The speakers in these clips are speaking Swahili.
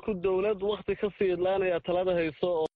marku dowlad wakti ka sii fiidlaanaya talada hayso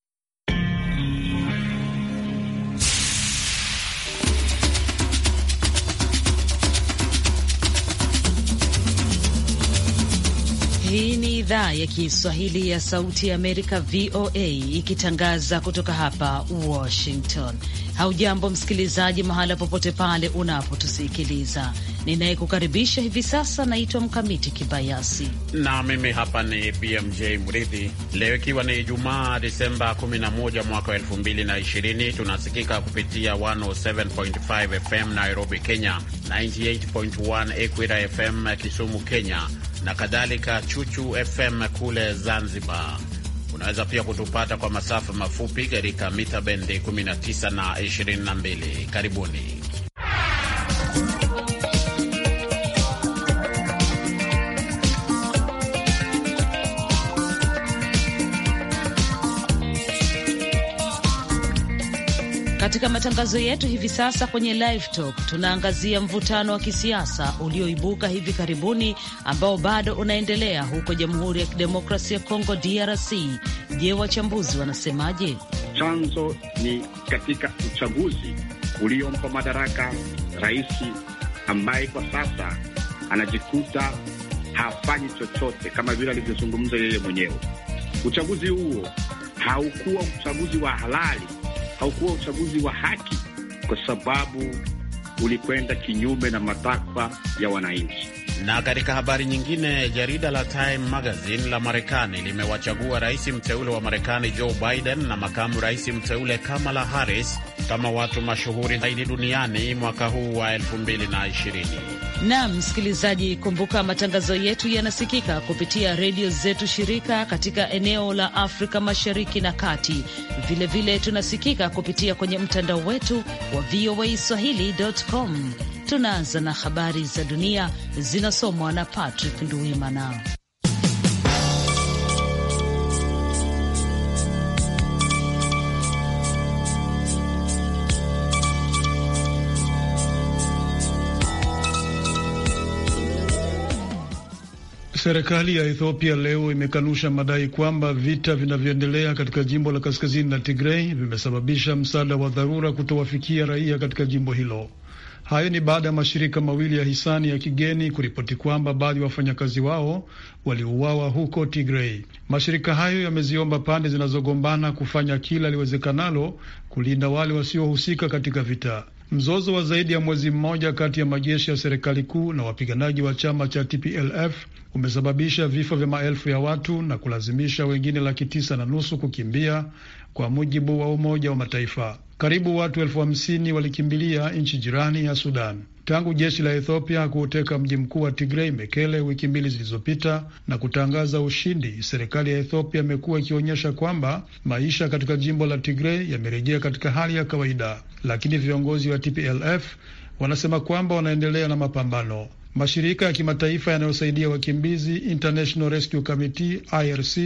Hii ni idhaa ya Kiswahili ya Sauti ya Amerika, VOA, ikitangaza kutoka hapa Washington. Haujambo msikilizaji, mahala popote pale unapotusikiliza. Ninayekukaribisha hivi sasa naitwa Mkamiti Kibayasi na mimi hapa ni BMJ Mridhi. Leo ikiwa ni Ijumaa, Disemba 11 mwaka wa 2020, tunasikika kupitia 107.5 FM Nairobi, Kenya, 98.1 equira FM Kisumu, Kenya na kadhalika, Chuchu FM kule Zanzibar Unaweza pia kutupata kwa masafa mafupi katika mita bendi 19 na 22. Karibuni. Katika matangazo yetu hivi sasa kwenye Live Talk tunaangazia mvutano wa kisiasa ulioibuka hivi karibuni ambao bado unaendelea huko Jamhuri ya Kidemokrasia ya Kongo, DRC. Je, wachambuzi wanasemaje? Chanzo ni katika uchaguzi uliompa madaraka rais ambaye kwa sasa anajikuta hafanyi chochote kama vile alivyozungumza yeye mwenyewe. Uchaguzi huo haukuwa uchaguzi wa halali haukuwa uchaguzi wa haki kwa sababu ulikwenda kinyume na matakwa ya wananchi. Na katika habari nyingine, jarida la Time Magazine la Marekani limewachagua rais mteule wa Marekani Joe Biden na makamu rais mteule Kamala Harris kama watu mashuhuri zaidi duniani mwaka huu wa 2020. Naam msikilizaji, kumbuka matangazo yetu yanasikika kupitia redio zetu shirika katika eneo la Afrika Mashariki na Kati. Vilevile vile tunasikika kupitia kwenye mtandao wetu wa VOA Swahili.com. Tunaanza na habari za dunia zinasomwa na Patrick Nduimana. Serikali ya Ethiopia leo imekanusha madai kwamba vita vinavyoendelea katika jimbo la kaskazini la Tigrei vimesababisha msaada wa dharura kutowafikia raia katika jimbo hilo. Hayo ni baada ya mashirika mawili ya hisani ya kigeni kuripoti kwamba baadhi ya wafanyakazi wao waliuawa huko Tigrei. Mashirika hayo yameziomba pande zinazogombana kufanya kila liwezekanalo kulinda wale wasiohusika katika vita. Mzozo wa zaidi ya mwezi mmoja kati ya majeshi ya serikali kuu na wapiganaji wa chama cha TPLF umesababisha vifo vya maelfu ya watu na kulazimisha wengine laki tisa na nusu kukimbia kwa mujibu wa Umoja wa Mataifa. Karibu watu elfu hamsini walikimbilia nchi jirani ya Sudan tangu jeshi la Ethiopia kuuteka mji mkuu wa Tigrei, Mekele, wiki mbili zilizopita na kutangaza ushindi. Serikali ya Ethiopia imekuwa ikionyesha kwamba maisha katika jimbo la Tigrei yamerejea katika hali ya kawaida, lakini viongozi wa TPLF wanasema kwamba wanaendelea na mapambano. Mashirika ya kimataifa yanayosaidia wakimbizi International Rescue Committee IRC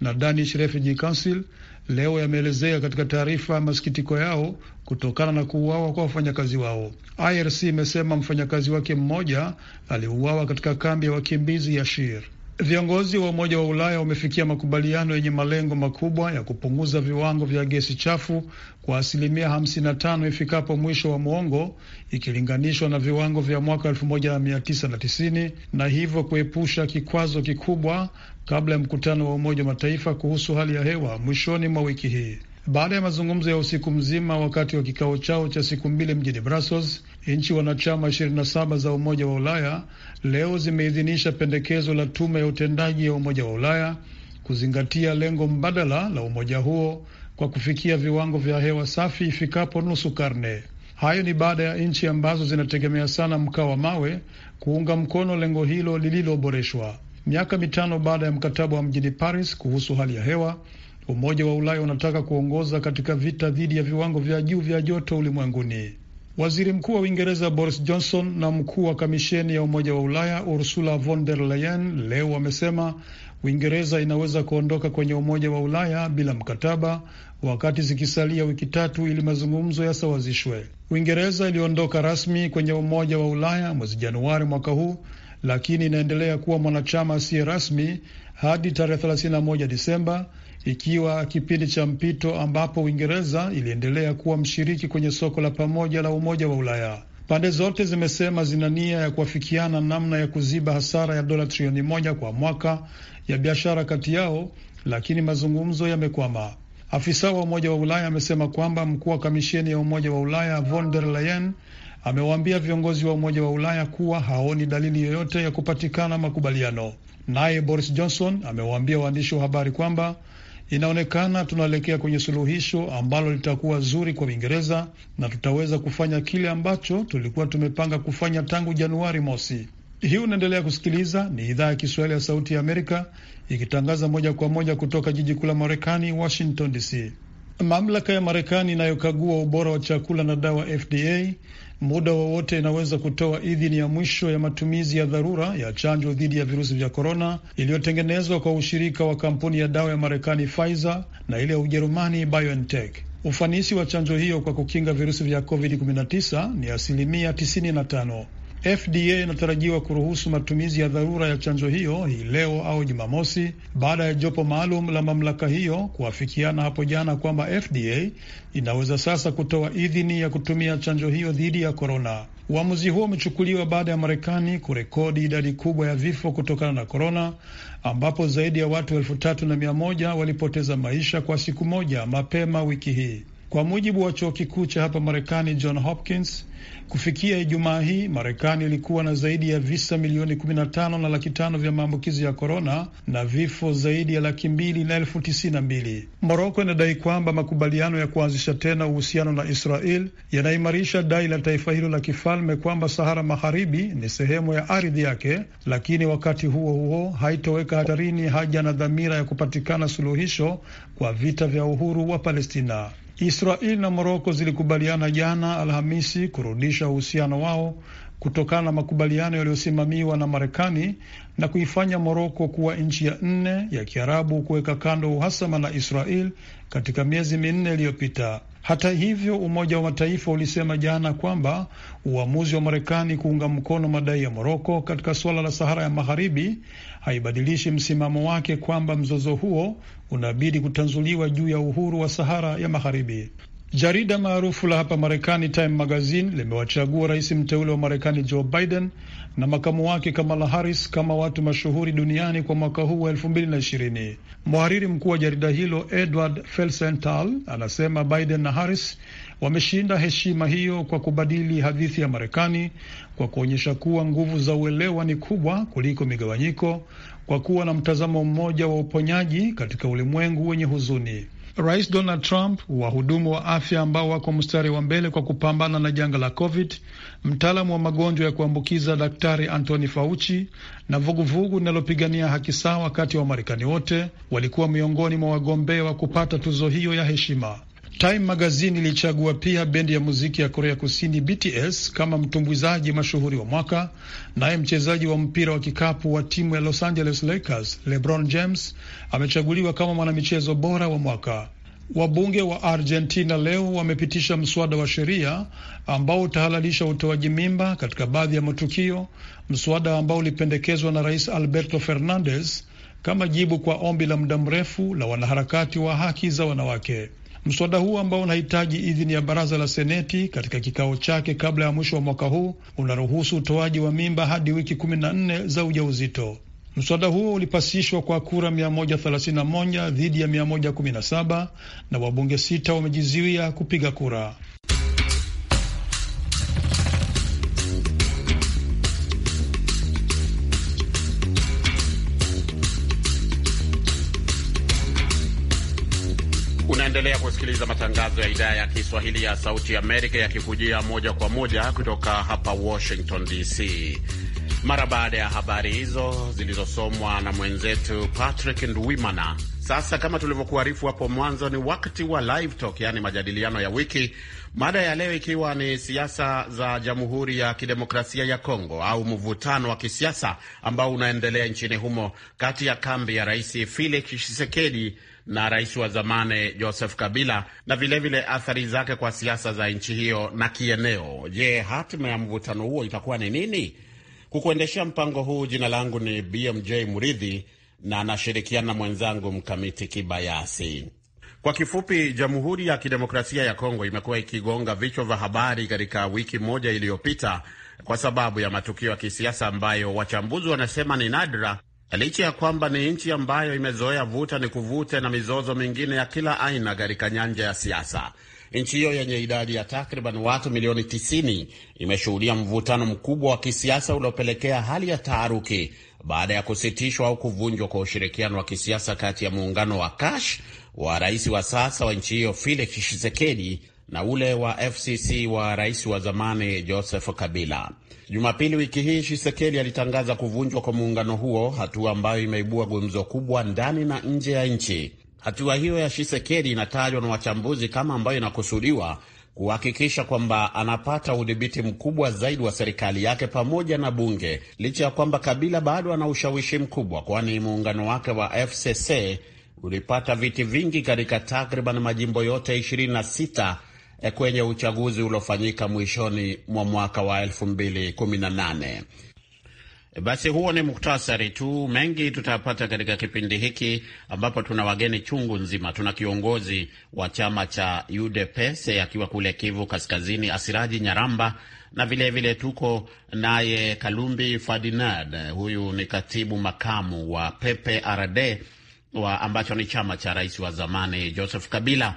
na Danish Refugee Council leo yameelezea katika taarifa ya masikitiko yao kutokana na kuuawa kwa wafanyakazi wao. IRC imesema mfanyakazi wake mmoja aliuawa katika kambi ya wakimbizi ya Shir. Viongozi wa Umoja wa Ulaya wamefikia makubaliano yenye malengo makubwa ya kupunguza viwango vya gesi chafu kwa asilimia 55 ifikapo mwisho wa mwongo ikilinganishwa na viwango vya mwaka 1990 na hivyo kuepusha kikwazo kikubwa kabla ya mkutano wa Umoja wa Mataifa kuhusu hali ya hewa mwishoni mwa wiki hii baada ya mazungumzo ya usiku mzima wakati wa kikao chao cha siku mbili mjini Brussels. Nchi wanachama 27 za Umoja wa Ulaya leo zimeidhinisha pendekezo la tume ya utendaji ya Umoja wa Ulaya kuzingatia lengo mbadala la umoja huo kwa kufikia viwango vya hewa safi ifikapo nusu karne. Hayo ni baada ya nchi ambazo zinategemea sana mkaa wa mawe kuunga mkono lengo hilo lililoboreshwa. Miaka mitano baada ya mkataba wa mjini Paris kuhusu hali ya hewa, Umoja wa Ulaya unataka kuongoza katika vita dhidi ya viwango vya juu vya joto ulimwenguni. Waziri Mkuu wa Uingereza Boris Johnson na mkuu wa kamisheni ya Umoja wa Ulaya Ursula von der Leyen leo wamesema Uingereza inaweza kuondoka kwenye Umoja wa Ulaya bila mkataba, wakati zikisalia wiki tatu ili mazungumzo yasawazishwe. Uingereza iliondoka rasmi kwenye Umoja wa Ulaya mwezi Januari mwaka huu, lakini inaendelea kuwa mwanachama asiye rasmi hadi tarehe 31 Disemba ikiwa kipindi cha mpito ambapo Uingereza iliendelea kuwa mshiriki kwenye soko la pamoja la Umoja wa Ulaya. Pande zote zimesema zina nia ya kuafikiana namna ya kuziba hasara ya dola trilioni moja kwa mwaka ya biashara kati yao, lakini mazungumzo yamekwama. Afisa wa Umoja wa Ulaya amesema kwamba mkuu wa kamisheni ya Umoja wa Ulaya von der Leyen amewaambia viongozi wa Umoja wa Ulaya kuwa haoni dalili yoyote ya kupatikana makubaliano. Naye Boris Johnson amewaambia waandishi wa habari kwamba Inaonekana tunaelekea kwenye suluhisho ambalo litakuwa zuri kwa Uingereza na tutaweza kufanya kile ambacho tulikuwa tumepanga kufanya tangu Januari mosi. Hii unaendelea kusikiliza, ni idhaa ya Kiswahili ya Sauti ya Amerika ikitangaza moja kwa moja kutoka jiji kuu la Marekani, Washington DC. Mamlaka ya Marekani inayokagua ubora wa chakula na dawa FDA muda wowote inaweza kutoa idhini ya mwisho ya matumizi ya dharura ya chanjo dhidi ya virusi vya korona iliyotengenezwa kwa ushirika wa kampuni ya dawa ya Marekani Pfizer na ile ya Ujerumani BioNTech. Ufanisi wa chanjo hiyo kwa kukinga virusi vya COVID-19 ni asilimia 95. FDA inatarajiwa kuruhusu matumizi ya dharura ya chanjo hiyo hii leo au Jumamosi baada ya jopo maalum la mamlaka hiyo kuafikiana hapo jana kwamba FDA inaweza sasa kutoa idhini ya kutumia chanjo hiyo dhidi ya korona. Uamuzi huo umechukuliwa baada ya Marekani kurekodi idadi kubwa ya vifo kutokana na korona, ambapo zaidi ya watu elfu tatu na mia moja walipoteza maisha kwa siku moja mapema wiki hii, kwa mujibu wa chuo kikuu cha hapa Marekani John Hopkins. Kufikia Ijumaa hii Marekani ilikuwa na zaidi ya visa milioni 15 na laki tano vya maambukizi ya korona na vifo zaidi ya laki mbili na elfu tisini na mbili. Moroko inadai kwamba makubaliano ya kuanzisha tena uhusiano na Israel yanaimarisha dai la taifa hilo la kifalme kwamba Sahara Magharibi ni sehemu ya ardhi yake, lakini wakati huo huo haitoweka hatarini haja na dhamira ya kupatikana suluhisho kwa vita vya uhuru wa Palestina. Israel na Moroko zilikubaliana jana Alhamisi kurudisha uhusiano wao kutokana na makubaliano yaliyosimamiwa na Marekani na kuifanya Moroko kuwa nchi ya nne ya Kiarabu kuweka kando uhasama na Israel katika miezi minne iliyopita. Hata hivyo, Umoja wa Mataifa ulisema jana kwamba uamuzi wa Marekani kuunga mkono madai ya Moroko katika suala la Sahara ya Magharibi haibadilishi msimamo wake kwamba mzozo huo unabidi kutanzuliwa juu ya uhuru wa Sahara ya Magharibi. Jarida maarufu la hapa Marekani Time Magazine limewachagua rais mteule wa Marekani Joe Biden na makamu wake Kamala Harris kama watu mashuhuri duniani kwa mwaka huu wa elfu mbili na ishirini. Mhariri mkuu wa jarida hilo Edward Felsenthal anasema Biden na Harris wameshinda heshima hiyo kwa kubadili hadithi ya Marekani, kwa kuonyesha kuwa nguvu za uelewa ni kubwa kuliko migawanyiko, kwa kuwa na mtazamo mmoja wa uponyaji katika ulimwengu wenye huzuni. Rais Donald Trump, wahudumu wa afya ambao wako mstari wa mbele kwa kupambana na janga la COVID, mtaalamu wa magonjwa ya kuambukiza Daktari Anthony Fauci na vuguvugu linalopigania haki sawa kati ya Wamarekani wote walikuwa miongoni mwa wagombea wa kupata tuzo hiyo ya heshima. Time Magazine ilichagua pia bendi ya muziki ya Korea Kusini BTS kama mtumbuizaji mashuhuri wa mwaka. Naye mchezaji wa mpira wa kikapu wa timu ya Los Angeles Lakers LeBron James amechaguliwa kama mwanamichezo bora wa mwaka. Wabunge wa Argentina leo wamepitisha mswada wa sheria ambao utahalalisha utoaji mimba katika baadhi ya matukio, mswada ambao ulipendekezwa na Rais Alberto Fernandez kama jibu kwa ombi la muda mrefu la wanaharakati wa haki za wanawake. Mswada huu ambao unahitaji idhini ya baraza la seneti katika kikao chake kabla ya mwisho wa mwaka huu unaruhusu utoaji wa mimba hadi wiki nne za ujauzito. Mswada huo ulipasishwa kwa kura 131 dhidi ya 117 na wabunge sita wamejizuia kupiga kura. Unaendelea kusikiliza matangazo ya idhaa ya Kiswahili ya Sauti Amerika yakikujia moja kwa moja kutoka hapa Washington DC, mara baada ya habari hizo zilizosomwa na mwenzetu Patrick Ndwimana. Sasa kama tulivyokuarifu hapo mwanzo, ni wakati wa live talk, yaani majadiliano ya wiki, mada ya leo ikiwa ni siasa za Jamhuri ya Kidemokrasia ya Kongo au mvutano wa kisiasa ambao unaendelea nchini humo kati ya kambi ya Rais Felix Tshisekedi na rais wa zamani Joseph Kabila na vilevile vile athari zake kwa siasa za nchi hiyo na kieneo. Je, hatima ya mvutano huo itakuwa ni nini? Kukuendeshea mpango huu, jina langu ni BMJ Muridhi na anashirikiana mwenzangu Mkamiti Kibayasi. Kwa kifupi, Jamhuri ya Kidemokrasia ya Kongo imekuwa ikigonga vichwa vya habari katika wiki moja iliyopita kwa sababu ya matukio ya kisiasa ambayo wachambuzi wanasema ni nadra licha ya kwamba ni nchi ambayo imezoea vuta ni kuvute na mizozo mingine ya kila aina katika nyanja ya siasa. Nchi hiyo yenye idadi ya takriban watu milioni 90 imeshuhudia mvutano mkubwa wa kisiasa uliopelekea hali ya taharuki baada ya kusitishwa au kuvunjwa kwa ushirikiano wa kisiasa kati ya muungano wa Kash wa rais wa sasa wa nchi hiyo Felix Tshisekedi na ule wa FCC wa rais wa zamani Joseph Kabila. Jumapili wiki hii shisekeli alitangaza kuvunjwa kwa muungano huo, hatua ambayo imeibua gumzo kubwa ndani na nje ya nchi. Hatua hiyo ya shisekeli inatajwa na wachambuzi kama ambayo inakusudiwa kuhakikisha kwamba anapata udhibiti mkubwa zaidi wa serikali yake pamoja na bunge, licha ya kwamba Kabila bado ana ushawishi mkubwa, kwani muungano wake wa FCC ulipata viti vingi katika takriban majimbo yote 26 Eh, kwenye uchaguzi uliofanyika mwishoni mwa mwaka wa 2018. Basi huo ni muktasari tu. Mengi tutapata katika kipindi hiki ambapo tuna wageni chungu nzima. Tuna kiongozi wa chama cha UDPS akiwa kule Kivu Kaskazini, Asiraji Nyaramba, na vilevile vile tuko naye Kalumbi fadinad huyu ni katibu makamu wa PPRD wa ambacho ni chama cha rais wa zamani Joseph Kabila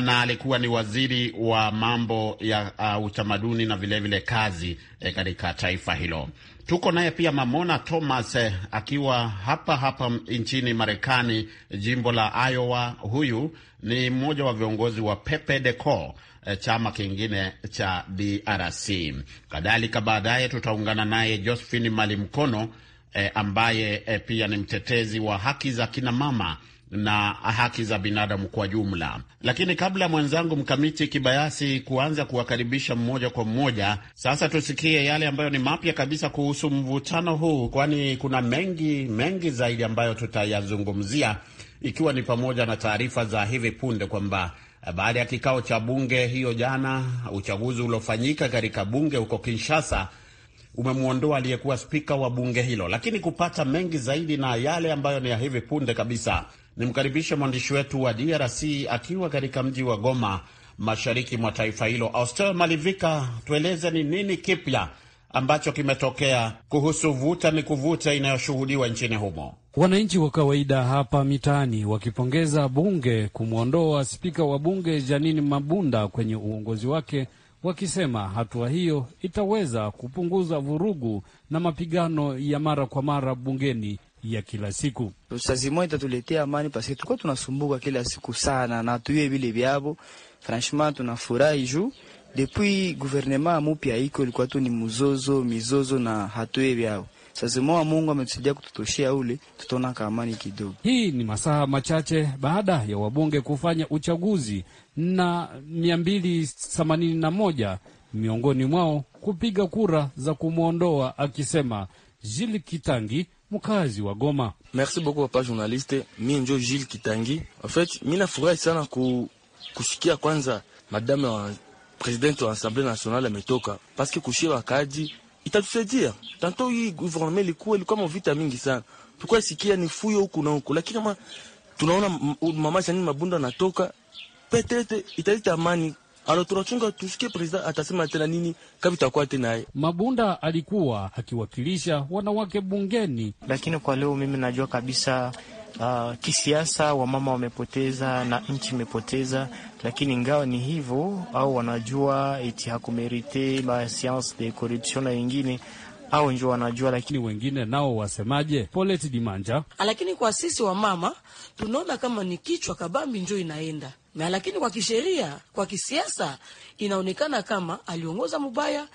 na alikuwa ni waziri wa mambo ya uh, utamaduni na vilevile vile kazi eh, katika taifa hilo. Tuko naye pia Mamona Thomas eh, akiwa hapa hapa nchini Marekani, jimbo la Iowa. Huyu ni mmoja wa viongozi wa Pepe deco eh, chama kingine cha DRC. Kadhalika baadaye tutaungana naye Josephine Malimkono eh, ambaye eh, pia ni mtetezi wa haki za kinamama na haki za binadamu kwa jumla. Lakini kabla mwenzangu Mkamiti Kibayasi kuanza kuwakaribisha mmoja kwa mmoja, sasa tusikie yale ambayo ni mapya kabisa kuhusu mvutano huu, kwani kuna mengi mengi zaidi ambayo tutayazungumzia, ikiwa ni pamoja na taarifa za hivi punde kwamba eh, baada ya kikao cha bunge hiyo jana, uchaguzi uliofanyika katika bunge huko Kinshasa umemwondoa aliyekuwa spika wa bunge hilo. Lakini kupata mengi zaidi na yale ambayo ni ya hivi punde kabisa, nimkaribishe mwandishi wetu wa DRC akiwa katika mji wa Goma, mashariki mwa taifa hilo. Austel Malivika, tueleze ni nini kipya ambacho kimetokea kuhusu vuta ni kuvuta inayoshuhudiwa nchini humo. Wananchi wa kawaida hapa mitaani wakipongeza bunge kumwondoa spika wa bunge Janini Mabunda kwenye uongozi wake, wakisema hatua hiyo itaweza kupunguza vurugu na mapigano ya mara kwa mara bungeni ya kila siku. Sazimo itatuletea amani paske tulikuwa tunasumbuka kila siku sana na tuye vile vyavo. Franchement tunafurahi juu depuis gouvernement mupya iko ilikuwa tu ni mzozo mizozo na hatuye vyao. Sazimo wa Mungu ametusaidia kututoshea ule, tutaona ka amani kidogo. Hii ni masaa machache baada ya wabunge kufanya uchaguzi na mia mbili themanini na moja miongoni mwao kupiga kura za kumwondoa, akisema Jili Kitangi mkazi wa Goma. Merci beaucoup papa journaliste, mi njo Jules Kitangi. En fait, mi nafurahi sana ku, kusikia kwanza madame wa presidente wa Assemblée nationale ametoka paske kushia wakaji itatusaidia tanto. Hii gouvernement ilikuwa ilikuwa mavita mingi sana, tulikuwa sikia ni fuyo huku na huku, lakini kama tunaona mama Janine Mabunda anatoka, petete italeta amani ano tunachunga tusikie president atasema tena nini kama itakuwa tena. Mabunda alikuwa akiwakilisha wanawake bungeni, lakini kwa leo mimi najua kabisa Uh, kisiasa wamama wamepoteza na nchi imepoteza, lakini ingawa ni hivyo, au wanajua eti hakumerite ba science de corruption na wengine au njo wanajua, lakini wengine nao wasemaje? Polet Dimanja. Ah, lakini kwa sisi wamama tunaona kama ni kichwa kabambi ndio inaenda na lakini kwa kisheria, kwa kisiasa inaonekana kama aliongoza mubaya.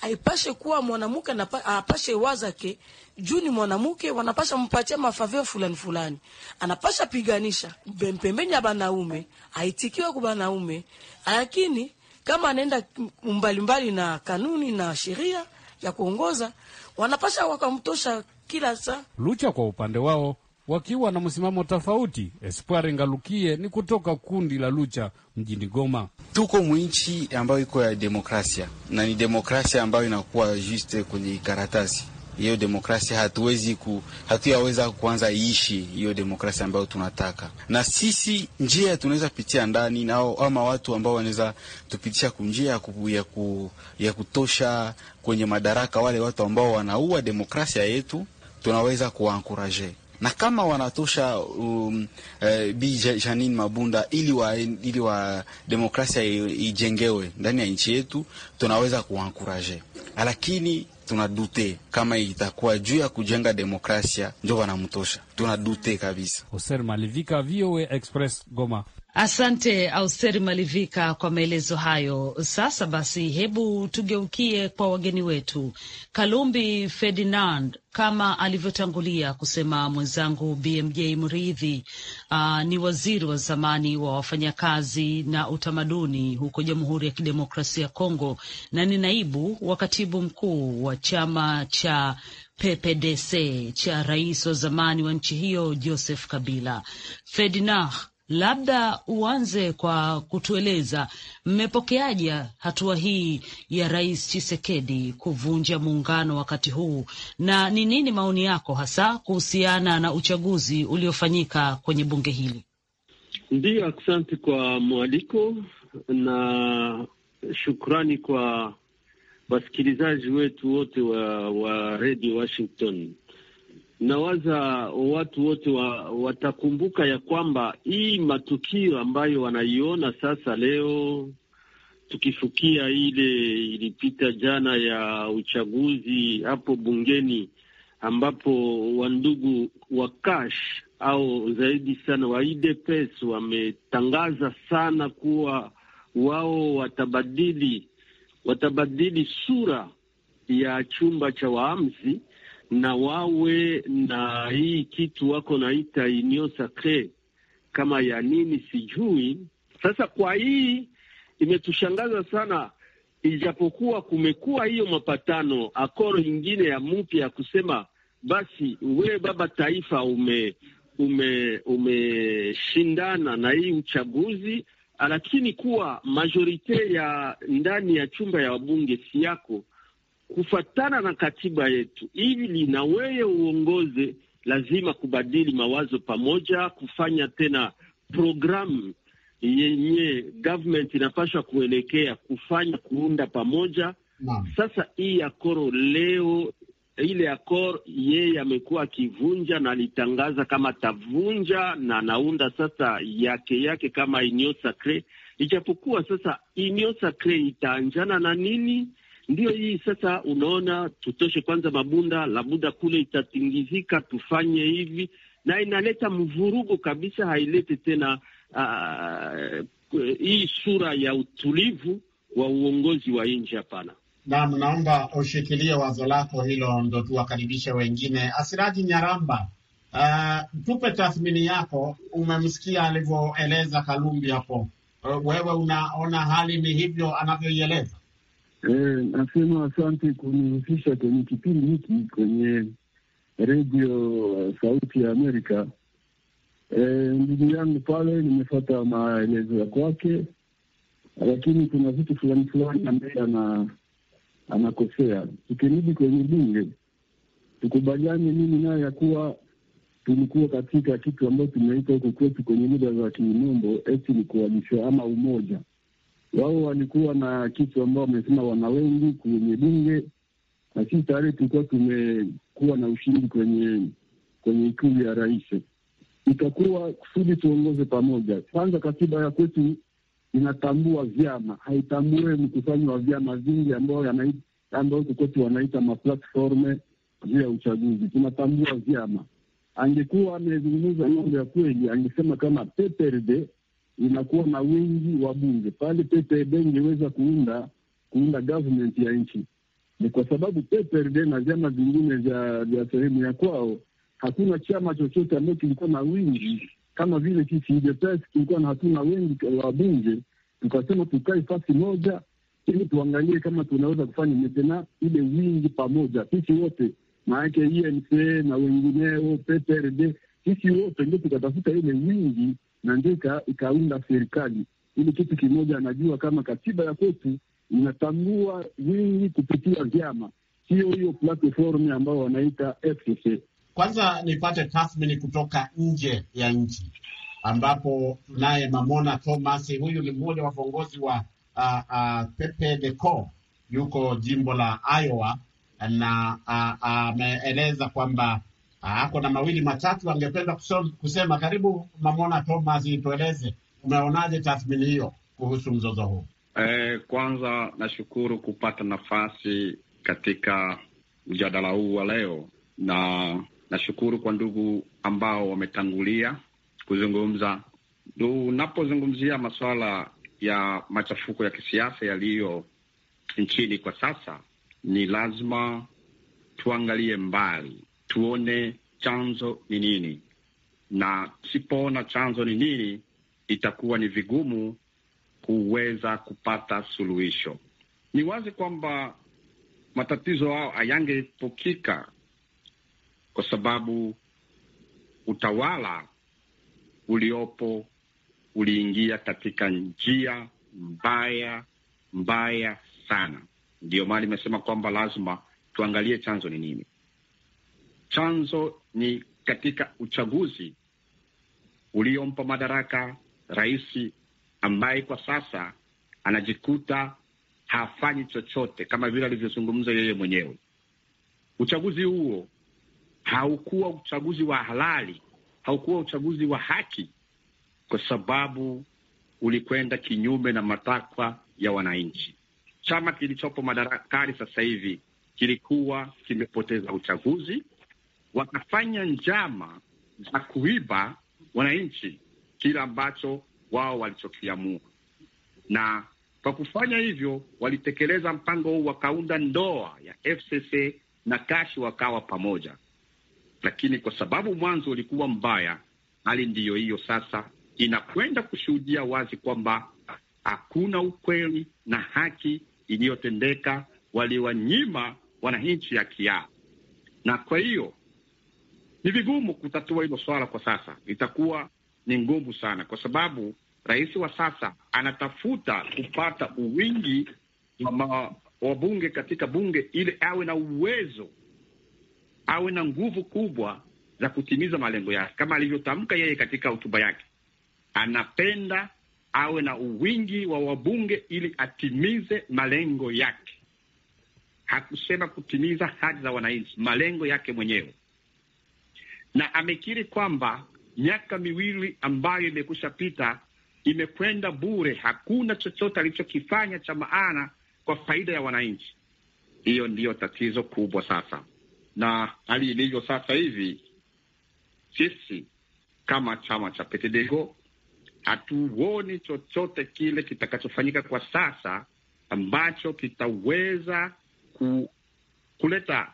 Aipashe kuwa mwanamke apashe wazake juu ni mwanamke, wanapasha mpatia mafaveo fulani fulani, anapasha piganisha pembeni ya banaume, aitikiwe kwa banaume, lakini kama anaenda mbalimbali na kanuni na sheria ya kuongoza, wanapasha wakamtosha kila saa. Lucha kwa upande wao wakiwa na msimamo tofauti. Espoir Ngalukie ni kutoka kundi la Lucha mjini Goma. Tuko mwinchi ambayo iko ya demokrasia na ni demokrasia ambayo inakuwa juste kwenye karatasi hiyo demokrasia hatuwezi ku, hatuyaweza kuanza iishi hiyo demokrasia ambayo tunataka, na sisi njia tunaweza pitia ndani nao, ama watu ambao wanaweza tupitisha kunjia ya, ku, ya, ku, ya kutosha kwenye madaraka, wale watu ambao wanaua demokrasia yetu tunaweza kuwaankuraje na kama wanatosha um, uh, Bi Janine Mabunda ili wa, ili wa demokrasia ijengewe ndani ya nchi yetu, tunaweza kuwankuraje, lakini tunadute kama itakuwa juu ya kujenga demokrasia njo wanamtosha, tunadute kabisa. Hoser Malivika, VOA Express, Goma. Asante Austeri Malivika kwa maelezo hayo. Sasa basi, hebu tugeukie kwa wageni wetu. Kalumbi Ferdinand, kama alivyotangulia kusema mwenzangu BMJ Mridhi, uh, ah, ni waziri wa zamani wa wafanyakazi na utamaduni huko Jamhuri ya Kidemokrasia ya Kongo na ni naibu wa katibu mkuu wa chama cha PPDC cha rais wa zamani wa nchi hiyo Joseph Kabila. Ferdinand Labda uanze kwa kutueleza mmepokeaje hatua hii ya Rais Chisekedi kuvunja muungano wakati huu, na ni nini maoni yako hasa kuhusiana na uchaguzi uliofanyika kwenye bunge hili? Ndiyo, asante kwa mwaliko na shukrani kwa wasikilizaji wetu wote wa, wa redio Washington nawaza watu wote wa, watakumbuka ya kwamba hii matukio ambayo wanaiona sasa leo, tukifukia ile ilipita jana ya uchaguzi hapo bungeni, ambapo wandugu wa Kash au zaidi sana wa UDPS wametangaza sana kuwa wao watabadili watabadili sura ya chumba cha waamzi na wawe na hii kitu wako naita union sacre kama ya nini sijui. Sasa kwa hii imetushangaza sana, ijapokuwa kumekuwa hiyo mapatano akoro ingine ya mpya ya kusema basi, wewe baba taifa ume ume umeshindana na hii uchaguzi, lakini kuwa majorite ya ndani ya chumba ya wabunge si yako kufatana na katiba yetu, ili na wewe uongoze, lazima kubadili mawazo pamoja, kufanya tena programu yenye government inapaswa kuelekea kufanya kuunda pamoja na. Sasa hii akoro leo ile akoro yeye amekuwa akivunja na alitangaza kama atavunja na anaunda sasa yake yake kama union sacre, ijapokuwa sasa union sacre itaanjana na nini Ndiyo hii sasa, unaona, tutoshe kwanza mabunda la muda kule itatingizika, tufanye hivi, na inaleta mvurugo kabisa, hailete tena uh, hii sura ya utulivu wa uongozi wa nchi. Hapana. Naam, naomba ushikilie wazo lako hilo, ndo tuwakaribishe wengine. Asiraji Nyaramba, uh, tupe tathmini yako. Umemsikia alivyoeleza Kalumbi hapo, uh, wewe unaona hali ni hivyo anavyoieleza? Eh, nasema asante kunihusisha kwenye kipindi hiki kwenye redio eh, Sauti ya Amerika. Eh, ndugu eh, yangu pale nimefata maelezo ya kwake, lakini kuna vitu fulani fulani ambaye ana anakosea. Tukirudi kwenye bunge, tukubaliane mimi naye ya kuwa tulikuwa katika kitu ambayo tumeita huko kwetu kwenye lugha za kimombo eti ni kualisha ama umoja wao walikuwa na kitu ambao wamesema wana wengi kwenye bunge, na sisi tayari tulikuwa tumekuwa na ushindi kwenye kwenye ikulu ya rais. Itakuwa kusudi tuongoze pamoja. Kwanza, katiba ya kwetu inatambua vyama, haitambue mkusanyo wa vyama vingi ambao ambao wanaita maplatforme juu ya uchaguzi. Tunatambua vyama. Angekuwa amezungumza mambo ya kweli, angesema kama PPRD inakuwa na wingi wa bunge pale. PPRD ingeweza kuunda kuunda government ya nchi, ni kwa sababu PPRD na vyama vingine vya sehemu ya kwao, hakuna chama chochote ambayo kilikuwa na wingi kama vile sisi UDPS kilikuwa na hatuna wengi wa bunge, tukasema tukae fasi moja ili tuangalie kama tunaweza kufanya metena ile wingi pamoja, sisi wote maanake e na wengineo PPRD, sisi wote ndio tukatafuta ile wingi na ndio ikaunda serikali ili kitu kimoja. Anajua kama katiba ya kwetu inatambua wingi kupitia vyama, sio hiyo platform ambayo wanaita FCC. Kwanza nipate tathmini kutoka nje ya nchi ambapo tunaye Mamona Thomas. Huyu ni mmoja wa viongozi wa uh, uh, Pepe Deco, yuko jimbo la Iowa na ameeleza uh, uh, kwamba Ah, kuna mawili matatu angependa kusema. Karibu Mamona Thomas, itueleze umeonaje tathmini hiyo kuhusu mzozo huu? Eh, kwanza nashukuru kupata nafasi katika mjadala huu wa leo, na nashukuru kwa ndugu ambao wametangulia kuzungumza. Unapozungumzia masuala ya machafuko ya kisiasa yaliyo nchini kwa sasa, ni lazima tuangalie mbali tuone chanzo ni nini, na sipoona chanzo ni nini, itakuwa ni vigumu kuweza kupata suluhisho. Ni wazi kwamba matatizo hayo hayangepukika kwa sababu utawala uliopo uliingia katika njia mbaya mbaya sana. Ndiyo maana nimesema kwamba lazima tuangalie chanzo ni nini chanzo ni katika uchaguzi uliompa madaraka rais ambaye kwa sasa anajikuta hafanyi chochote, kama vile alivyozungumza yeye mwenyewe. Uchaguzi huo haukuwa uchaguzi wa halali, haukuwa uchaguzi wa haki, kwa sababu ulikwenda kinyume na matakwa ya wananchi. Chama kilichopo madarakani sasa hivi kilikuwa kimepoteza uchaguzi wakafanya njama za kuiba wananchi kila ambacho wao walichokiamua, na kwa kufanya hivyo walitekeleza mpango huu, wakaunda ndoa ya FCC na Kashi wakawa pamoja, lakini kwa sababu mwanzo ulikuwa mbaya, hali ndiyo hiyo sasa inakwenda kushuhudia wazi kwamba hakuna ukweli na haki iliyotendeka. Waliwanyima wananchi haki yao, na kwa hiyo ni vigumu kutatua hilo swala kwa sasa, itakuwa ni ngumu sana, kwa sababu rais wa sasa anatafuta kupata uwingi wa wabunge katika bunge ili awe na uwezo, awe na nguvu kubwa za kutimiza malengo yake, kama alivyotamka yeye katika hotuba yake. Anapenda awe na uwingi wa wabunge ili atimize malengo yake. Hakusema kutimiza haki za wananchi, malengo yake mwenyewe na amekiri kwamba miaka miwili ambayo imekusha pita imekwenda bure, hakuna chochote alichokifanya cha maana kwa faida ya wananchi. Hiyo ndiyo tatizo kubwa sasa, na hali ilivyo sasa hivi, sisi kama chama cha Petedego hatuoni chochote kile kitakachofanyika kwa sasa ambacho kitaweza ku, kuleta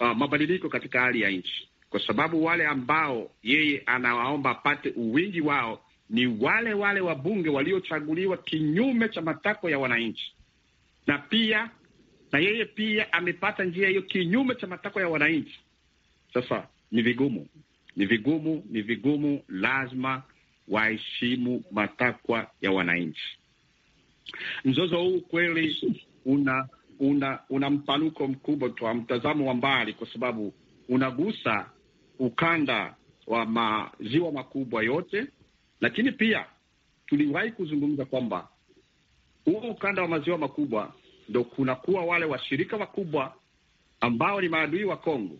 uh, mabadiliko katika hali ya nchi kwa sababu wale ambao yeye anawaomba apate uwingi wao ni wale wale wabunge waliochaguliwa kinyume cha matakwa ya wananchi, na pia na yeye pia amepata njia hiyo kinyume cha matakwa ya wananchi. Sasa ni vigumu, ni vigumu, ni vigumu, lazima waheshimu matakwa ya wananchi. Mzozo huu kweli una una una mpanuko mkubwa wa mtazamo wa mbali, kwa sababu unagusa ukanda wa maziwa makubwa yote, lakini pia tuliwahi kuzungumza kwamba huu ukanda wa maziwa makubwa ndo kunakuwa wale washirika wakubwa ambao ni maadui wa Kongo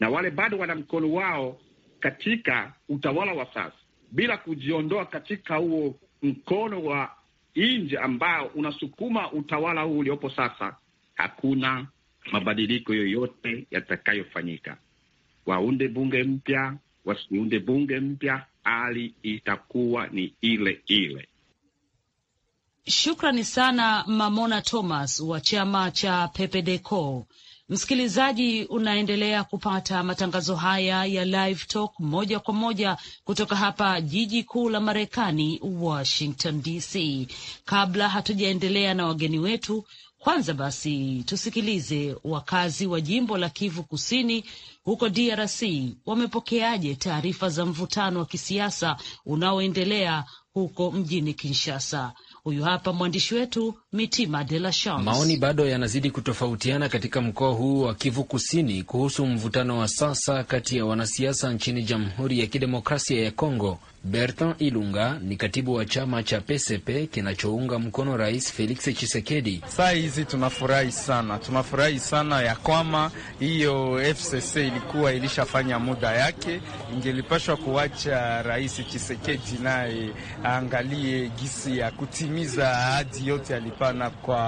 na wale bado wana mkono wao katika utawala wa sasa, bila kujiondoa katika huo mkono wa nje ambao unasukuma utawala huu uliopo sasa, hakuna mabadiliko yoyote yatakayofanyika waunde bunge mpya, wasiunde bunge mpya, hali itakuwa ni ile ile. Shukrani sana Mamona Thomas wa chama cha Pepedeco. Msikilizaji, unaendelea kupata matangazo haya ya Live Talk moja kwa moja kutoka hapa jiji kuu la Marekani, Washington DC. Kabla hatujaendelea na wageni wetu, kwanza basi tusikilize wakazi wa jimbo la Kivu Kusini huko DRC wamepokeaje taarifa za mvutano wa kisiasa unaoendelea huko mjini Kinshasa. Huyu hapa mwandishi wetu Mitima de la Chance. Maoni bado yanazidi kutofautiana katika mkoa huu wa Kivu Kusini kuhusu mvutano wa sasa kati ya wanasiasa nchini Jamhuri ya Kidemokrasia ya Kongo Bertrand Ilunga ni katibu wa chama cha PCP kinachounga mkono Rais Felix Tshisekedi. Saa hizi tunafurahi sana, tunafurahi sana ya kwama hiyo FCC ilikuwa ilishafanya muda yake, ingelipashwa kuacha Rais Tshisekedi naye aangalie gisi ya kutimiza ahadi yote alipana kwa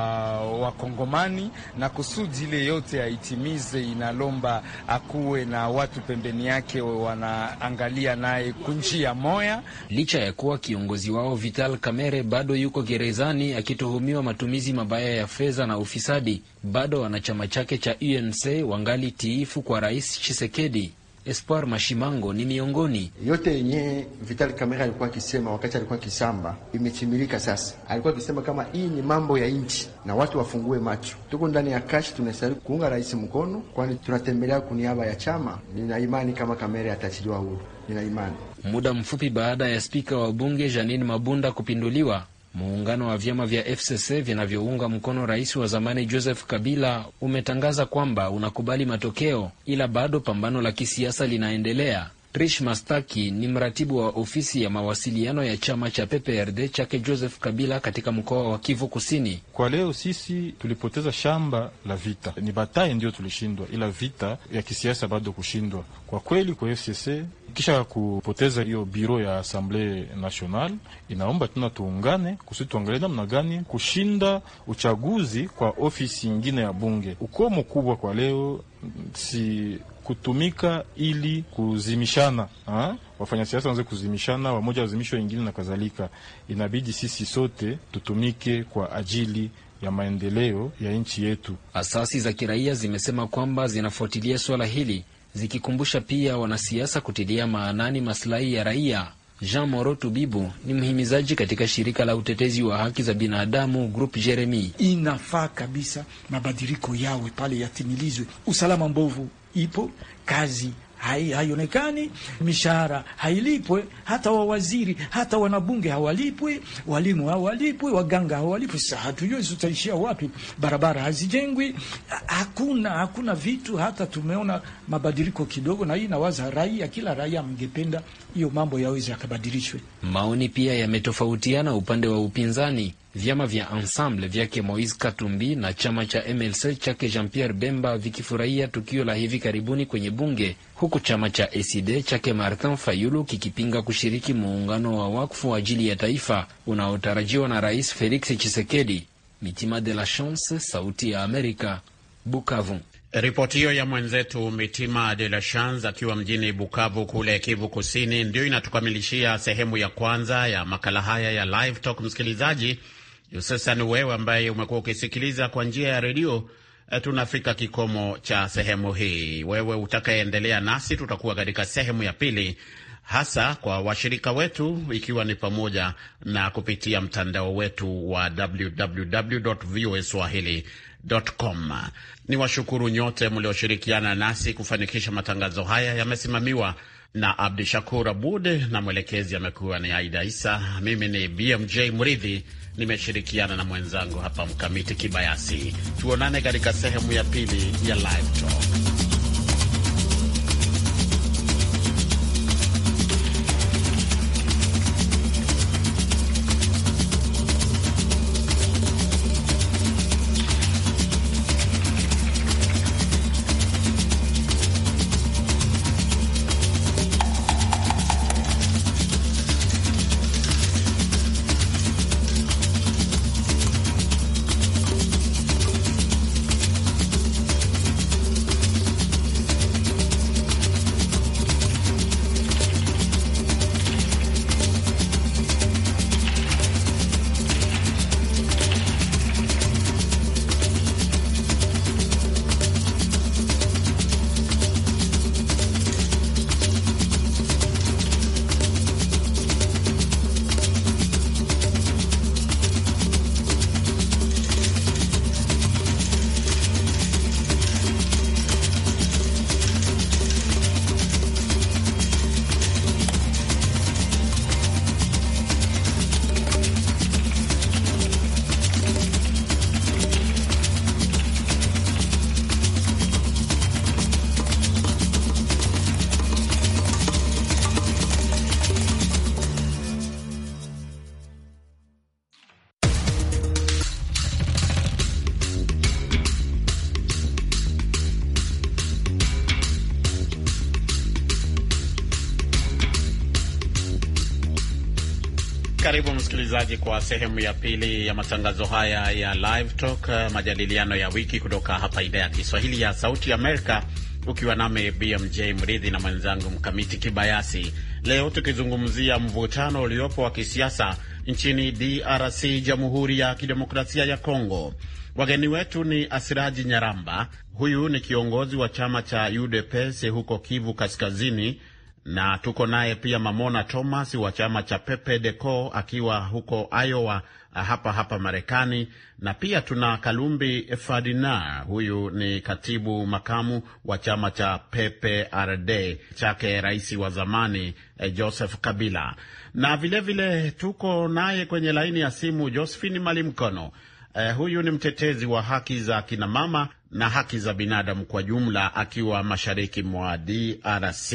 Wakongomani, na kusudi ile yote aitimize, inalomba akuwe na watu pembeni yake wanaangalia naye kunjia moyo moya. Licha ya kuwa kiongozi wao Vital Kamerhe bado yuko gerezani akituhumiwa matumizi mabaya ya fedha na ufisadi, bado wanachama chake cha UNC wangali tiifu kwa Rais chisekedi Espoir Mashimango ni miongoni yote yenye Vital Kamera alikuwa akisema wakati alikuwa kisamba imetimilika sasa. Alikuwa akisema kama hii ni mambo ya nchi na watu wafungue macho. Tuko ndani ya kashi, tunastahili kuunga rais mkono, kwani tunatembelea kuniaba ya chama. Nina imani kama Kamera ataachiliwa huru, nina imani muda mfupi baada ya spika wa bunge Janine Mabunda kupinduliwa. Muungano wa vyama vya FCC vinavyounga mkono rais wa zamani Joseph Kabila umetangaza kwamba unakubali matokeo, ila bado pambano la kisiasa linaendelea. Trish Mastaki ni mratibu wa ofisi ya mawasiliano ya chama cha PPRD chake Joseph Kabila katika mkoa wa Kivu Kusini. Kwa leo sisi tulipoteza shamba la vita, ni bataye ndiyo tulishindwa, ila vita ya kisiasa bado kushindwa kwa kweli kwa FCC. Kisha kupoteza hiyo biro ya Assemble Nationale, inaomba tena tuungane kusudi tuangalie namna gani kushinda uchaguzi kwa ofisi ingine ya bunge. Ukomo kubwa kwa leo si kutumika ili kuzimishana ha? Wafanyasiasa wanaweza kuzimishana, wamoja wazimishwa wengine na kadhalika. Inabidi sisi sote tutumike kwa ajili ya maendeleo ya nchi yetu. Asasi za kiraia zimesema kwamba zinafuatilia suala hili zikikumbusha pia wanasiasa kutilia maanani masilahi ya raia. Jean Moro Tubibu ni mhimizaji katika shirika la utetezi wa haki za binadamu Group Jeremy. Inafaa kabisa mabadiliko yawe pale yatimilizwe. Usalama mbovu ipo, kazi haionekani, mishahara hailipwe, hata wawaziri hata wanabunge hawalipwi, walimu hawalipwi, waganga hawalipwi. Sasa hatujui tutaishia wapi, barabara hazijengwi, hakuna hakuna vitu. Hata tumeona mabadiliko kidogo, na hii nawaza raia, kila raia mngependa hiyo mambo yaweze yakabadilishwe. Maoni pia yametofautiana upande wa upinzani vyama vya Ensemble vyake Moise Katumbi na chama cha MLC chake Jean Pierre Bemba vikifurahia tukio la hivi karibuni kwenye bunge, huku chama cha ACD chake Martin Fayulu kikipinga kushiriki muungano wa wakfu ajili ya taifa unaotarajiwa na Rais Felix Tshisekedi. Mitima de la Chance, Sauti ya Amerika, Bukavu. Ripoti hiyo ya mwenzetu Mitima de la Chance akiwa mjini Bukavu kule Kivu Kusini ndiyo inatukamilishia sehemu ya kwanza ya makala haya ya Live Talk. Msikilizaji, Hususan wewe ambaye umekuwa ukisikiliza kwa njia ya redio. Eh, Tunafika kikomo cha sehemu hii. Wewe utakayeendelea nasi, tutakuwa katika sehemu ya pili, hasa kwa washirika wetu, ikiwa ni pamoja na kupitia mtandao wetu wa com. Ni washukuru nyote mlioshirikiana nasi kufanikisha matangazo haya. Yamesimamiwa na Abdu Shakur Abud, na mwelekezi amekuwa ni Aida Isa. Mimi ni BMJ Mridhi, nimeshirikiana na mwenzangu hapa Mkamiti Kibayasi. Tuonane katika sehemu ya pili ya Live Talk. Karibu msikilizaji, kwa sehemu ya pili ya matangazo haya ya Live Talk, eh, majadiliano ya wiki kutoka hapa idhaa ya Kiswahili ya Sauti Amerika, ukiwa nami BMJ Mridhi na mwenzangu Mkamiti Kibayasi. Leo tukizungumzia mvutano uliopo wa kisiasa nchini DRC, Jamhuri ya Kidemokrasia ya Kongo. Wageni wetu ni Asiraji Nyaramba, huyu ni kiongozi wa chama cha UDPS huko Kivu Kaskazini na tuko naye pia Mamona Thomas wa chama cha Pepe Deco akiwa huko Iowa, hapa hapa Marekani, na pia tuna Kalumbi Fadina, huyu ni katibu makamu wa chama cha Pepe RD chake rais wa zamani eh, Joseph Kabila, na vilevile vile tuko naye kwenye laini ya simu Josephine Malimkono. Eh, huyu ni mtetezi wa haki za kinamama na haki za binadamu kwa jumla akiwa mashariki mwa DRC.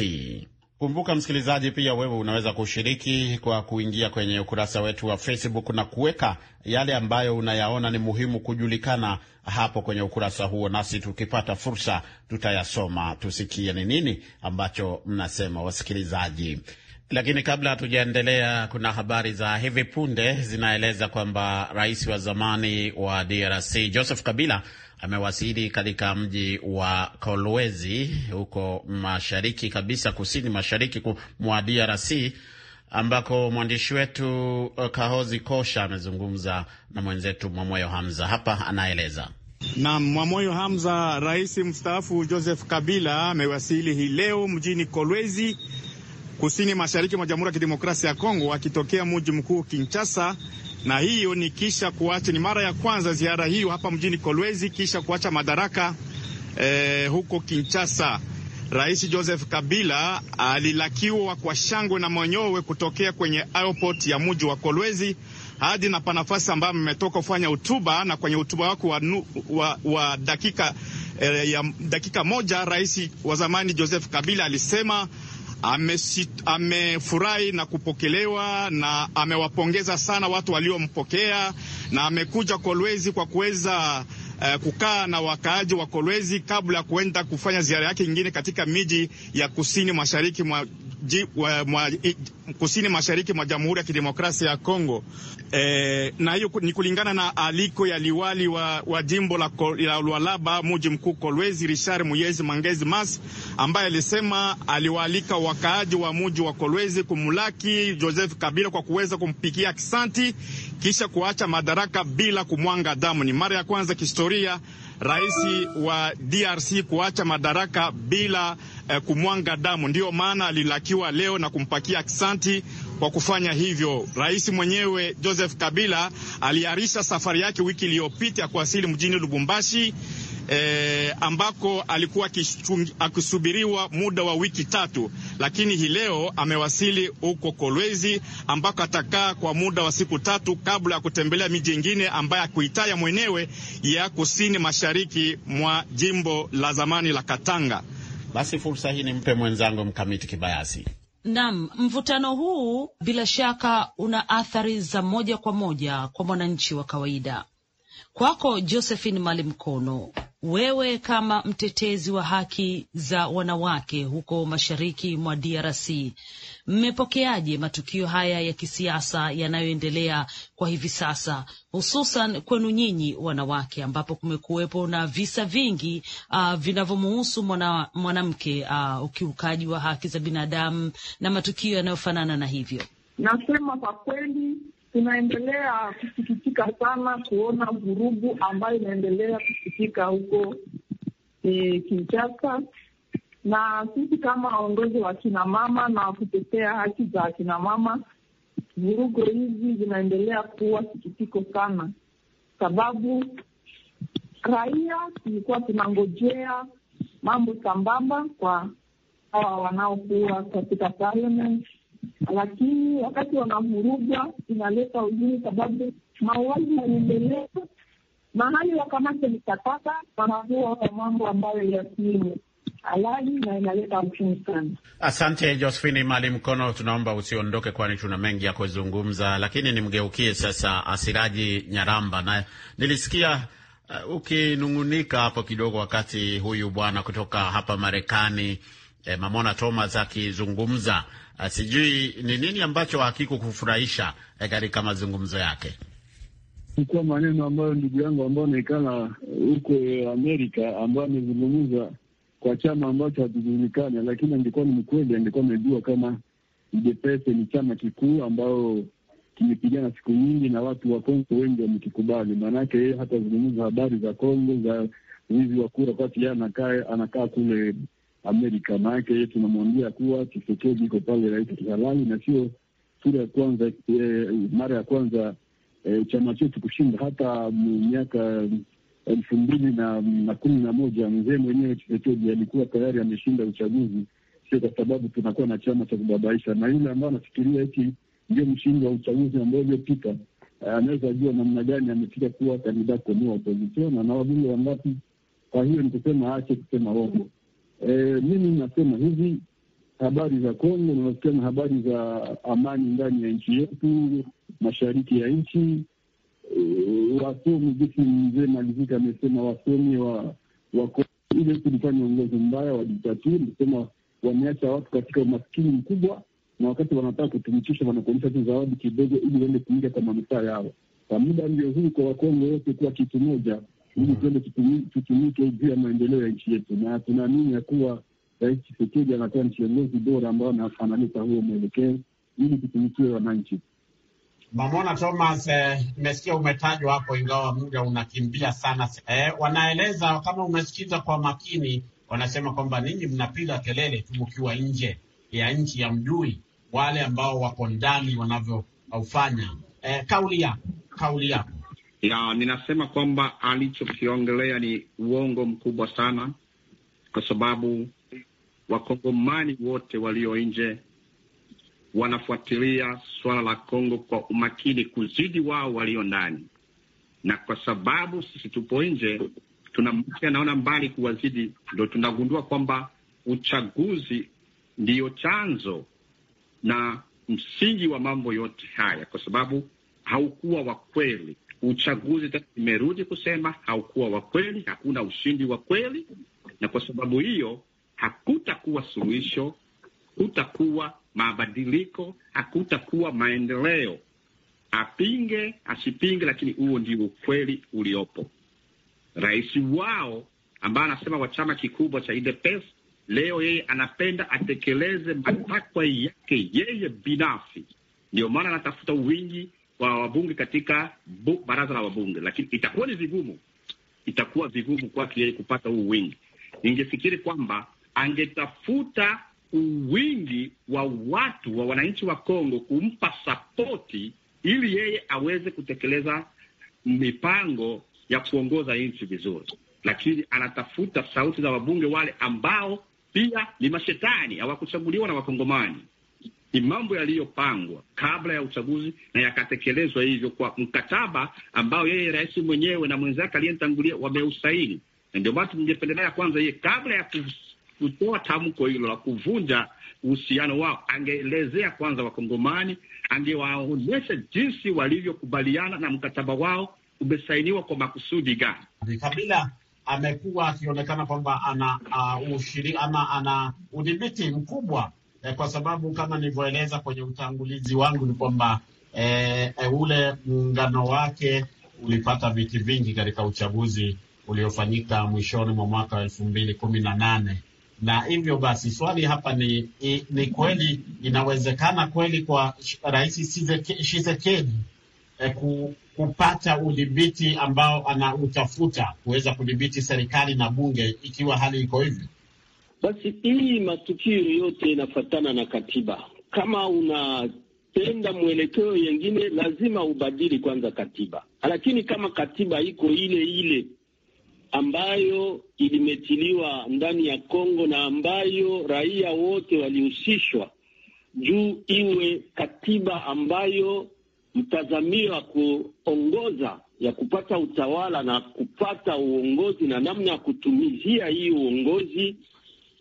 Kumbuka msikilizaji, pia wewe unaweza kushiriki kwa kuingia kwenye ukurasa wetu wa Facebook na kuweka yale ambayo unayaona ni muhimu kujulikana hapo kwenye ukurasa huo, nasi tukipata fursa tutayasoma, tusikie ni nini ambacho mnasema wasikilizaji. Lakini kabla hatujaendelea, kuna habari za hivi punde zinaeleza kwamba rais wa zamani wa DRC Joseph Kabila amewasili katika mji wa Kolwezi huko mashariki kabisa, kusini mashariki mwa DRC ambako mwandishi wetu uh, Kahozi Kosha amezungumza na mwenzetu Mwamoyo Hamza. Hapa anaeleza. Naam, Mwamoyo Hamza, rais mstaafu Joseph Kabila amewasili hii leo mjini Kolwezi, kusini mashariki mwa Jamhuri ya Kidemokrasia ya Kongo, akitokea mji mkuu Kinshasa na hiyo ni kisha kuacha, ni mara ya kwanza ziara hiyo hapa mjini Kolwezi kisha kuacha madaraka eh, huko Kinshasa. Rais Joseph Kabila alilakiwa kwa shangwe na mwenyowe kutokea kwenye airport ya mji wa Kolwezi hadi na panafasi ambayo mmetoka kufanya hotuba, na kwenye hotuba wako wa, wa, wa dakika eh, ya dakika moja, rais wa zamani Joseph Kabila alisema amefurahi na kupokelewa na amewapongeza sana watu waliompokea na amekuja Kolwezi kwa kuweza Uh, kukaa na wakaaji wa Kolwezi kabla ya kuenda kufanya ziara yake nyingine katika miji ya kusini mashariki mwa kusini mashariki mwa Jamhuri ya Kidemokrasia ya Kongo e, na hiyo ni kulingana na aliko ya liwali wa, wa jimbo la, la Lualaba muji mkuu Kolwezi, Richard Muyezi Mangezi Mas, ambaye alisema aliwaalika wakaaji wa muji wa Kolwezi kumulaki Joseph Kabila kwa kuweza kumpikia kisanti kisha kuacha madaraka bila kumwanga damu. Ni mara ya kwanza kihistoria rais wa DRC kuacha madaraka bila eh, kumwanga damu. Ndiyo maana alilakiwa leo na kumpakia aksanti kwa kufanya hivyo. Rais mwenyewe Joseph Kabila aliarisha safari yake wiki iliyopita kuwasili mjini Lubumbashi eh, ambako alikuwa akisubiriwa muda wa wiki tatu, lakini hii leo amewasili huko Kolwezi ambako atakaa kwa muda wa siku tatu kabla ya kutembelea miji ingine ambayo akuitaya mwenyewe ya kusini mashariki mwa jimbo la zamani la Katanga. Basi fursa hii nimpe mwenzangu Mkamiti Kibayasi. Naam, mvutano huu bila shaka una athari za moja kwa moja kwa mwananchi wa kawaida. Kwako Josephine Mali Mkono, wewe kama mtetezi wa haki za wanawake huko mashariki mwa DRC, mmepokeaje matukio haya ya kisiasa yanayoendelea kwa hivi sasa, hususan kwenu nyinyi wanawake, ambapo kumekuwepo na visa vingi uh, vinavyomuhusu mwanamke mwana uh, ukiukaji wa haki za binadamu na matukio yanayofanana na hivyo? Nasema kwa kweli tunaendelea kusikitika sana kuona vurugu ambayo inaendelea kusikitika huko e, Kinshasa, na sisi kama waongozi wa kinamama na kutetea haki za kinamama vurugu hizi zinaendelea kuwa sikitiko sana, sababu raia tulikuwa tunangojea mambo sambamba kwa hawa wanaokuwa katika parliament lakini wakati wanavurugwa inaleta uzuni, sababu mauaji yanaendelea mahali wakamate mtakata, wanavua mambo ambayo yasimu halali na inaleta sana. Asante Josephine Mali Mkono, tunaomba usiondoke, kwani tuna mengi ya kuzungumza, lakini nimgeukie sasa Asiraji Nyaramba na nilisikia uh, ukinung'unika hapo kidogo wakati huyu bwana kutoka hapa Marekani eh, Mamona Thomas akizungumza Ah, sijui ni nini ambacho hakikukufurahisha eh, katika mazungumzo yake? Kwa maneno ambayo ndugu yangu ambayo anaikana eh, huko eh, Amerika ambayo amezungumza kwa chama ambacho hakijulikani lakini angekuwa ni mkweli, angekuwa amejua kama UDPS ni chama kikuu ambao kimepigana siku nyingi na watu wa Kongo wengi wamekikubali. Maanake yeye hatazungumza habari za Kongo za wizi wa kura, kwa yeye anakaa anakaa kule Amerika. Maanake yeye tunamwambia kuwa Tshisekedi iko pale rais kihalali, na sio sura ya kwanza e, mara ya kwanza e, chama chetu kushinda. Hata miaka elfu mbili na, na kumi na moja mzee mwenyewe Tshisekedi alikuwa tayari ameshinda uchaguzi, sio kwa sababu tunakuwa na chama cha kubabaisha. Na yule ambayo anafikiria hiki ndio mshindi wa uchaguzi ambao uliopita eh, anaweza jua namna gani amefika kuwa kandida kwenye opozisio na wabunge wangapi. Kwa hiyo ni kusema aache kusema hongo. E, mimi nasema hivi habari za Kongo nasikia na habari za amani ndani ya nchi yetu, mashariki ya nchi e, wasomi jesi mzee Malizika amesema wasomi wa, wa ile kulifanya uongozi mbaya wa diktaturi, sema wameacha watu katika umaskini mkubwa, na wakati wanataka kutumikisha wanakuonyesha tu zawadi kidogo ili waende kuingia kwa manufaa yao. Kwa muda ndio huu kwa Wakongo wote kuwa kitu moja ili tuende tutumike juu ya maendeleo ya nchi yetu, na tunaamini ya kuwa Rais Tshisekedi anakuwa ni kiongozi bora ambao analeta huo mwelekeo ili tutumikiwe wananchi. Mamona Thomas, eh, nimesikia eh, umetajwa hapo, ingawa muda unakimbia sana eh, wanaeleza kama umesikiza kwa makini, wanasema kwamba ninyi mnapiga kelele tu mkiwa nje ya nchi ya mjui wale ambao wako ndani wanavyofanya. Eh, kauli yako, kauli yako ya, ninasema kwamba alichokiongelea ni uongo mkubwa sana, kwa sababu wakongomani wote walio nje wanafuatilia suala la Kongo kwa umakini kuzidi wao walio ndani, na kwa sababu sisi tupo nje tunamkia naona mbali kuwazidi, ndo tunagundua kwamba uchaguzi ndiyo chanzo na msingi wa mambo yote haya, kwa sababu haukuwa wa kweli uchaguzi imerudi kusema haukuwa wa kweli, hakuna ushindi wa kweli, na kwa sababu hiyo hakutakuwa suluhisho, hakutakuwa mabadiliko, hakutakuwa maendeleo. Apinge asipinge, lakini huo ndio ukweli uliopo. Rais wao ambaye anasema wa chama kikubwa cha UDPS leo yeye anapenda atekeleze matakwa yake yeye binafsi, ndio maana anatafuta wingi wa wabunge katika bu, baraza la wabunge, lakini itakuwa ni vigumu, itakuwa vigumu kwake yeye kupata huu wingi. Ningefikiri kwamba angetafuta uwingi wa watu wa wananchi wa Kongo kumpa sapoti ili yeye aweze kutekeleza mipango ya kuongoza nchi vizuri, lakini anatafuta sauti za wabunge wale ambao pia ni mashetani, hawakuchaguliwa na Wakongomani ni mambo yaliyopangwa kabla ya uchaguzi na yakatekelezwa hivyo kwa mkataba ambao yeye rais mwenyewe na mwenzake aliyemtangulia wameusaini, na ndio maana tungependelea kwanza yeye kabla ya kutoa tamko hilo la kuvunja uhusiano wao angeelezea kwanza Wakongomani, angewaonyesha jinsi walivyokubaliana na mkataba wao umesainiwa kwa makusudi gani. Kabila amekuwa akionekana kwamba ana uh, ushiri ama ana udhibiti mkubwa eh, kwa sababu kama nilivyoeleza kwenye utangulizi wangu ni kwamba eh, eh, ule muungano wake ulipata viti vingi katika uchaguzi uliofanyika mwishoni mwa mwaka wa elfu mbili kumi na nane na hivyo basi swali hapa ni, ni, ni kweli inawezekana kweli kwa Rais Tshisekedi eh, ku, kupata udhibiti ambao anautafuta kuweza kudhibiti serikali na bunge ikiwa hali iko hivyo basi hii matukio yote inafatana na katiba. Kama unapenda mwelekeo yengine, lazima ubadili kwanza katiba, lakini kama katiba iko ile ile ambayo ilimetiliwa ndani ya Kongo na ambayo raia wote walihusishwa juu iwe katiba ambayo mtazamio wa kuongoza ya kupata utawala na kupata uongozi na namna ya kutumizia hii uongozi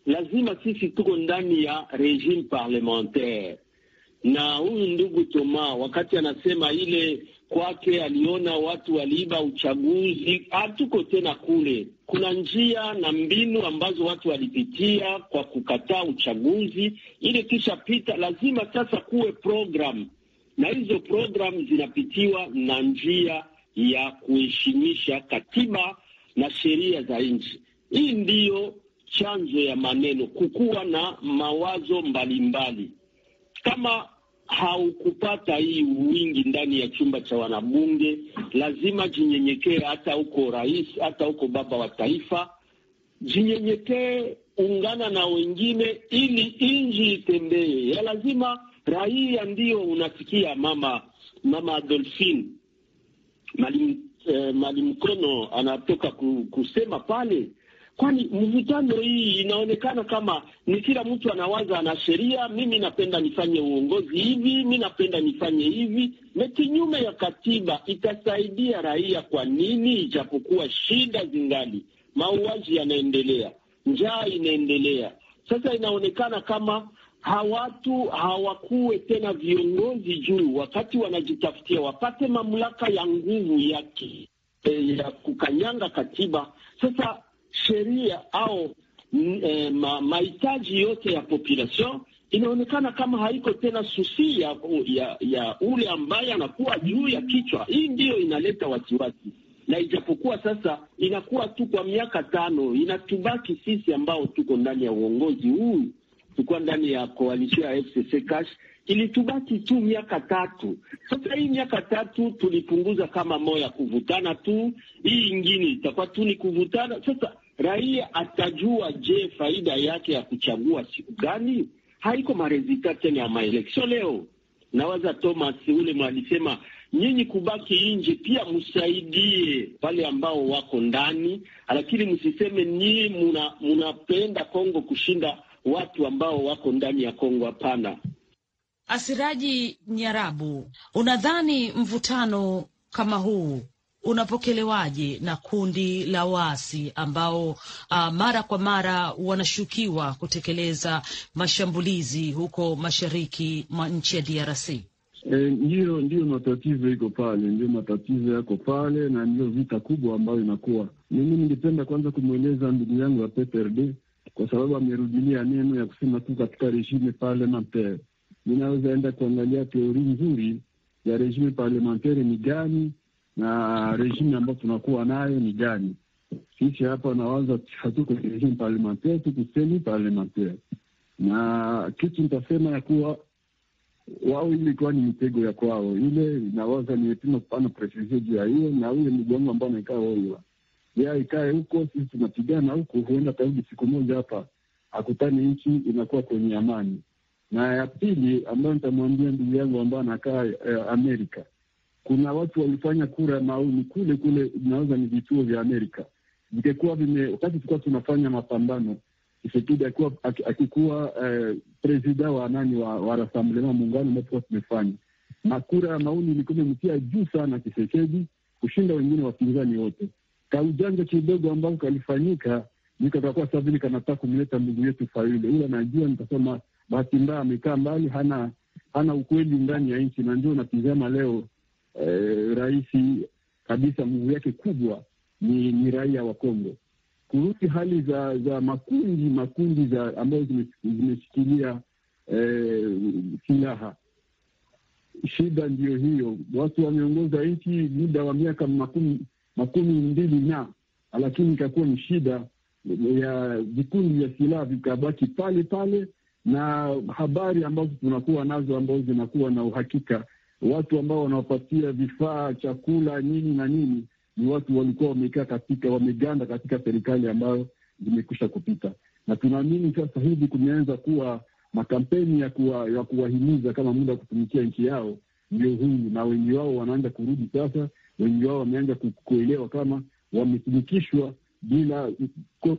lazima sisi tuko ndani ya regime parlementaire. Na huyu ndugu Toma wakati anasema ile kwake, aliona watu waliiba uchaguzi, hatuko tena kule. Kuna njia na mbinu ambazo watu walipitia kwa kukataa uchaguzi, ile kisha pita. Lazima sasa kuwe program, na hizo program zinapitiwa na njia ya kuheshimisha katiba na sheria za nchi. Hii ndiyo chanzo ya maneno, kukuwa na mawazo mbalimbali. Kama haukupata hii wingi ndani ya chumba cha wanabunge, lazima jinyenyekee, hata huko rais, hata huko baba wa taifa, jinyenyekee, ungana na wengine ili inji itembee. Ya lazima raia, ndio unasikia mama mama Adolfine Malim, eh, Malimkono anatoka kusema pale kwani mvutano hii inaonekana kama ni kila mtu anawaza ana sheria, mimi napenda nifanye uongozi hivi, mi napenda nifanye hivi, na kinyume ya katiba itasaidia raia kwa nini? Ijapokuwa shida zingali, mauaji yanaendelea, njaa inaendelea. Sasa inaonekana kama hawatu hawakuwe tena viongozi juu, wakati wanajitafutia wapate mamlaka ya nguvu yake eh, ya kukanyanga katiba sasa sheria au e, ma, mahitaji yote ya population inaonekana kama haiko tena susi ya, ya, ya ule ambaye anakuwa juu ya kichwa. Hii ndiyo inaleta wasiwasi, na ijapokuwa sasa inakuwa tu kwa miaka tano, inatubaki sisi ambao tuko ndani ya uongozi huu, tukuwa ndani ya koalisio ya FCC cash ilitubaki tu miaka tatu. Sasa hii miaka tatu tulipunguza kama moya kuvutana tu, hii ingine itakuwa tu ni kuvutana. Sasa raia atajua, je, faida yake ya kuchagua siku gani? Haiko marezita tena ya maeleksio leo. Nawaza Thomas ule alisema nyinyi kubaki nje, pia msaidie wale ambao wako ndani, lakini msiseme nyinyi munapenda Kongo kushinda watu ambao wako ndani ya Kongo. Hapana. Asiraji Nyarabu, unadhani mvutano kama huu unapokelewaje na kundi la waasi ambao uh, mara kwa mara wanashukiwa kutekeleza mashambulizi huko mashariki mwa nchi ya DRC? E, ndiyo, ndiyo matatizo iko pale, ndiyo matatizo yako pale, na ndiyo vita kubwa ambayo inakuwa. Mimi ningependa kwanza kumweleza ndugu yangu ya PPRD kwa sababu amerudilia neno ya kusema tu katika rejime parlementaire linaweza enda kuangalia teori nzuri ya regime parlementaire ni gani na regime ambayo tunakuwa nayo ni gani. Sisi hapa nawaza hatuko regime parlementaire, tuko semi parlementaire, na kitu nitasema ya kuwa wao ile ilikuwa ni mitego ya kwao ile. Nawaza nimepima kupana presize juu ya hiyo, na huyo migongo ambao anaikaa waiwa ya ikae huko, sisi tunapigana huko, huenda tarudi siku moja hapa akutane nchi inakuwa kwenye amani na ya pili ambayo nitamwambia ndugu yangu ambayo anakaa eh, Amerika, kuna watu walifanya kura ya maoni kule kule, inaweza ni vituo vya Amerika vikakuwa vime, wakati tulikuwa tunafanya mapambano Kisekedi akikuwa, akikuwa eh, presida wa nani wa, wa Rasamblema muungano ambao tulikuwa tumefanya na kura ya maoni ilikuwa imetia juu sana Kisekedi kushinda wengine wapinzani wote. Kaujanja kidogo ambao kalifanyika nikatakuwa saa vile kanataka kumleta ndugu yetu Fayule, yule najua nitasema bahati mbaya amekaa mbali, hana hana ukweli ndani ya nchi, na ndio unatizama leo eh, rais kabisa nguvu yake kubwa ni, ni raia wa Kongo. kurudi hali za za makundi makundi za ambayo zimeshikilia eh, silaha Shida ndiyo hiyo, watu wameongoza nchi muda wa miaka makumi makumi mbili na lakini ikakuwa ni shida ya vikundi vya silaha vikabaki pale pale, na habari ambazo tunakuwa nazo ambazo zinakuwa na uhakika. Watu ambao wanawapatia vifaa, chakula, nini na nini, ni watu walikuwa wamekaa katika, wameganda katika serikali ambayo zimekwisha kupita, na tunaamini sasa hivi kumeanza kuwa makampeni ya kuwa, ya kuwahimiza kama muda wa kutumikia nchi yao ndio huu, na wengi wao wanaanza kurudi sasa. Wengi wao wameanza kuelewa kama wametumikishwa bila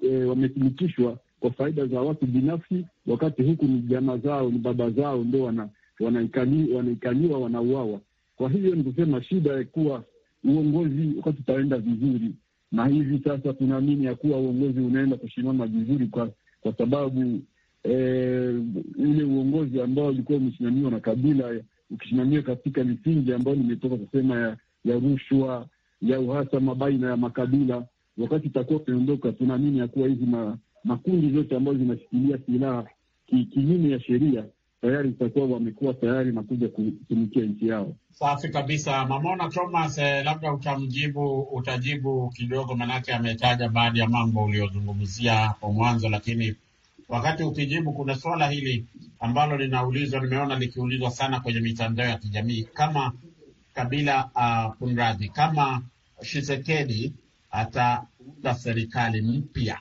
eh, wametumikishwa kwa faida za watu binafsi, wakati huku ni jamaa zao, ni baba zao ndo wanaikaliwa, wanauawa. Kwa hivyo ni kusema shida ya kuwa uongozi wakati utaenda vizuri, na hivi sasa tunaamini ya kuwa uongozi unaenda kusimama vizuri kwa, kwa sababu eh, ule uongozi ambao ulikuwa umesimamiwa na Kabila ukisimamiwa katika misingi ambayo nimetoka kusema ya, ya rushwa ya uhasama baina ya makabila, wakati itakuwa ukiondoka, tunaamini ya kuwa hizi makundi zote ambayo zinashikilia silaha kinyume ya sheria tayari itakuwa wamekuwa tayari na kuja kutumikia nchi yao. Safi kabisa, Mamona Thomas. Eh, labda utamjibu utajibu kidogo, maanake ametaja baadhi ya mambo uliyozungumzia hapo mwanzo, lakini wakati ukijibu, kuna suala hili ambalo linaulizwa, nimeona likiulizwa sana kwenye mitandao ya kijamii, kama Kabila uh, ah, kunradhi, kama Shisekedi ataunda serikali mpya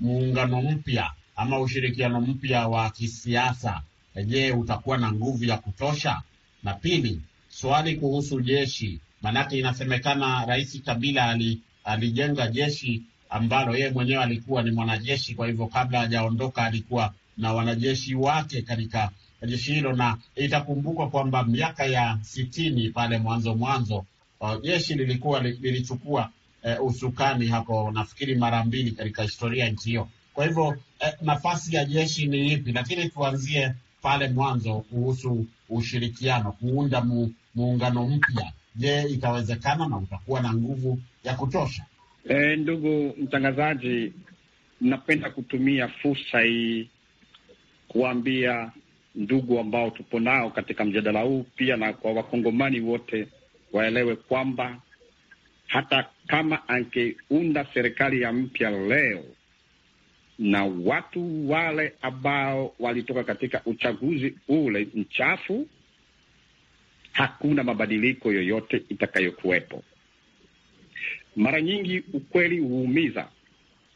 muungano mpya ama ushirikiano mpya wa kisiasa, je, utakuwa na nguvu ya kutosha? Na pili, swali kuhusu jeshi, maanake inasemekana Rais Kabila ali, alijenga jeshi ambalo yeye mwenyewe alikuwa ni mwanajeshi, kwa hivyo kabla hajaondoka alikuwa na wanajeshi wake katika jeshi hilo, na itakumbukwa kwamba miaka ya sitini pale mwanzo mwanzo uh, jeshi lilikuwa lilichukua eh, usukani hapo, nafikiri mara mbili katika historia ya nchi hiyo. Kwa hivyo eh, nafasi ya jeshi ni ipi? Lakini tuanzie pale mwanzo kuhusu ushirikiano, kuunda mu, muungano mpya. Je, itawezekana na utakuwa na nguvu ya kutosha? E, ndugu mtangazaji, napenda kutumia fursa hii kuwambia ndugu ambao tupo nao katika mjadala huu pia na kwa wakongomani wote waelewe kwamba hata kama angeunda serikali ya mpya leo na watu wale ambao walitoka katika uchaguzi ule mchafu, hakuna mabadiliko yoyote itakayokuwepo. Mara nyingi ukweli huumiza,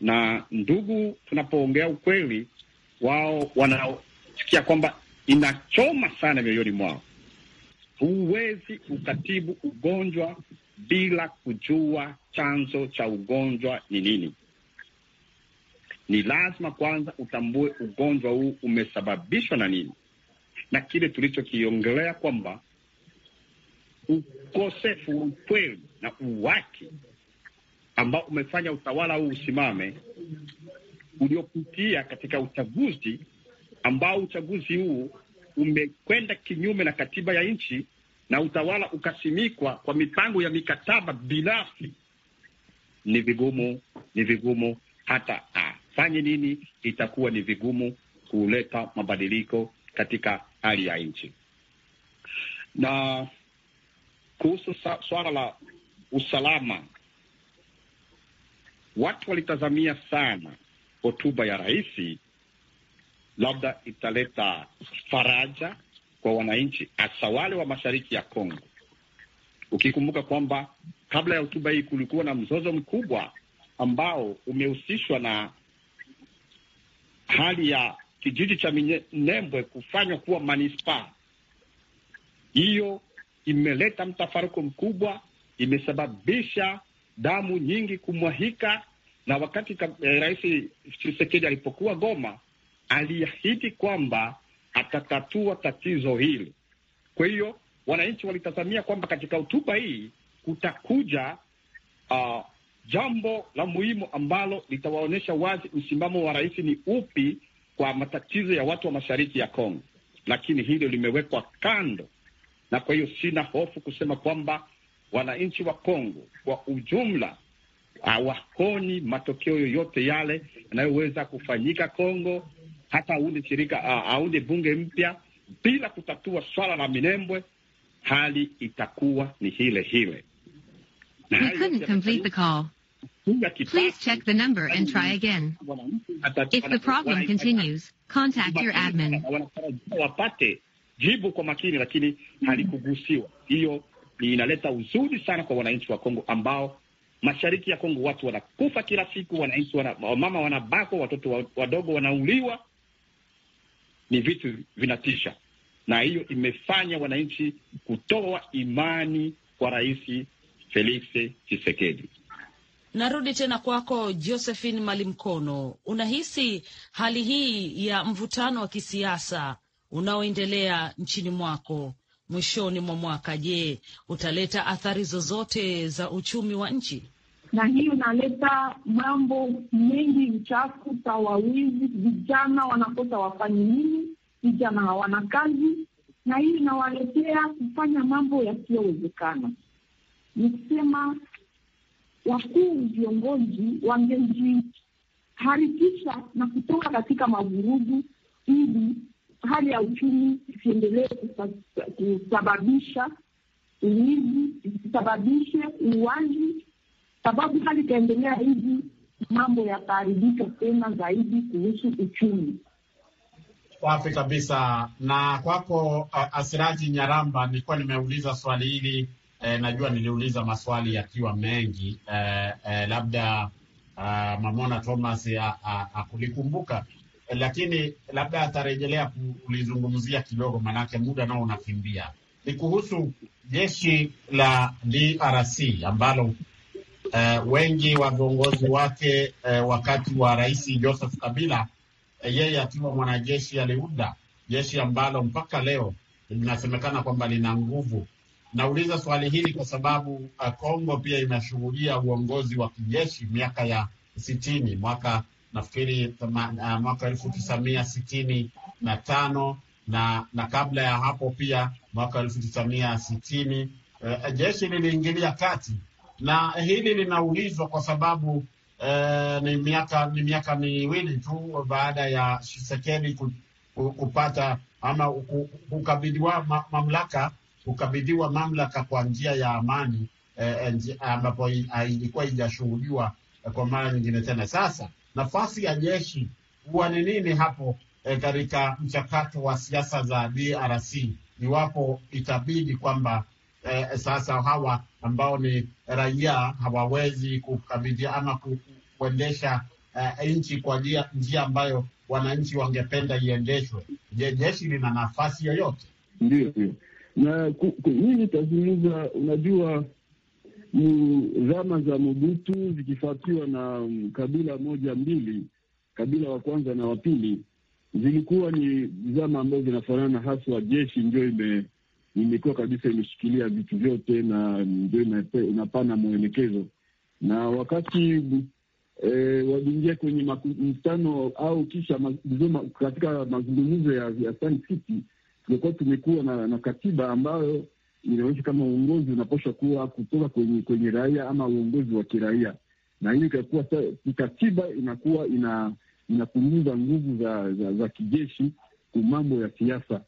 na ndugu, tunapoongea ukweli, wao wanaosikia kwamba inachoma sana mioyoni mwao. Huwezi ukatibu ugonjwa bila kujua chanzo cha ugonjwa ni nini. Ni lazima kwanza utambue ugonjwa huu umesababishwa na nini, na kile tulichokiongelea kwamba ukosefu wa ukweli na uwaki ambao umefanya utawala huu usimame, uliopitia katika uchaguzi ambao uchaguzi huu umekwenda kinyume na katiba ya nchi na utawala ukasimikwa kwa mipango ya mikataba binafsi, ni vigumu, ni vigumu hata afanye ah, nini, itakuwa ni vigumu kuleta mabadiliko katika hali ya nchi. Na kuhusu swala la usalama, watu walitazamia sana hotuba ya rais, labda italeta faraja kwa wananchi, hasa wale wa mashariki ya Kongo, ukikumbuka kwamba kabla ya hotuba hii kulikuwa na mzozo mkubwa ambao umehusishwa na hali ya kijiji cha Minembwe kufanywa kuwa manispaa. Hiyo imeleta mtafaruko mkubwa, imesababisha damu nyingi kumwahika. Na wakati eh, Rais Tshisekedi alipokuwa Goma, aliahidi kwamba atatatua tatizo hili. Kwa hiyo wananchi walitazamia kwamba katika hotuba hii kutakuja uh, jambo la muhimu ambalo litawaonyesha wazi msimamo wa rais ni upi kwa matatizo ya watu wa mashariki ya Kongo, lakini hilo limewekwa kando, na kwa hiyo sina hofu kusema kwamba wananchi wa Kongo kwa ujumla hawakoni matokeo yoyote yale yanayoweza kufanyika Kongo hata aunde shirika aunde bunge mpya bila kutatua swala la Minembwe, hali itakuwa ni hile hile. Wapate jibu kwa makini, lakini halikugusiwa. Hiyo inaleta uzuri sana kwa wananchi wa Kongo ambao mashariki ya Kongo watu wanakufa kila siku, wananchi wana, mama wanabakwa, watoto wadogo wanauliwa ni vitu vinatisha, na hiyo imefanya wananchi kutoa imani kwa Rais Felix Tshisekedi. Narudi tena kwako Josephine Malimkono, unahisi hali hii ya mvutano wa kisiasa unaoendelea nchini mwako mwishoni mwa mwaka, je, utaleta athari zozote za uchumi wa nchi? na hii unaleta mambo mengi uchafu tawawizi, vijana wanakosa wafanyi nini, vijana hawana kazi, na hii inawaletea kufanya mambo yasiyowezekana. Ni kusema wakuu viongozi wangejiharikisha na kutoka katika mavurugu ili hali ya uchumi isiendelee kusababisha uwizi, isisababishe uuaji sababu hali itaendelea hivi, mambo yataharibika tena zaidi kuhusu uchumi. Safi kabisa. Na kwako Asiraji Nyaramba, nilikuwa nimeuliza swali hili eh, najua niliuliza maswali yakiwa mengi eh, eh, labda Uh, Mamona Thomas akulikumbuka eh, lakini labda atarejelea kulizungumzia kidogo, maanake muda nao unakimbia. Ni kuhusu jeshi la DRC ambalo uh, wengi wa viongozi wake uh, wakati wa Rais Joseph Kabila uh, yeye akiwa mwanajeshi aliunda jeshi ambalo mpaka leo linasemekana kwamba lina nguvu. Nauliza swali hili kwa sababu Kongo pia imeshuhudia uongozi wa kijeshi miaka ya sitini mwaka nafikiri uh, mwaka elfu sitini na tano na na kabla ya hapo pia mwaka elfu sitini uh, jeshi liliingilia kati na hili linaulizwa kwa sababu eh, ni miaka ni miaka miwili tu baada ya Tshisekedi kupata ama kukabidhiwa mamlaka kukabidhiwa mamlaka kwa njia ya amani eh, eh ambapo ilikuwa ijashuhudiwa eh, kwa mara nyingine tena. Sasa nafasi ya jeshi huwa ni nini hapo eh, katika mchakato wa siasa za DRC iwapo itabidi kwamba eh, sasa hawa ambao ni raia hawawezi kukabidhia ama kuendesha uh, nchi kwa njia, njia ambayo wananchi wangependa iendeshwe. Je, jeshi lina nafasi yoyote? Ndio, ndio na mii nitazungumza. Unajua, zama za Mobutu zikifuatiwa na mm, kabila moja mbili, kabila wa kwanza na wa pili, zilikuwa ni zama ambazo zinafanana, haswa jeshi ndio ime imekuwa kabisa imeshikilia vitu vyote na ndio inapana mwelekezo. Na wakati e, waliingia kwenye mkutano au kisha ma, katika mazungumzo ya, ya Sun City tumekuwa tumekuwa na, na katiba ambayo inaonyesha kama uongozi unaposha kuwa kutoka kwenye kwenye raia ama uongozi wa kiraia, na hiyo ikakuwa katiba inakuwa ina inapunguza nguvu za, za, za kijeshi ku mambo ya siasa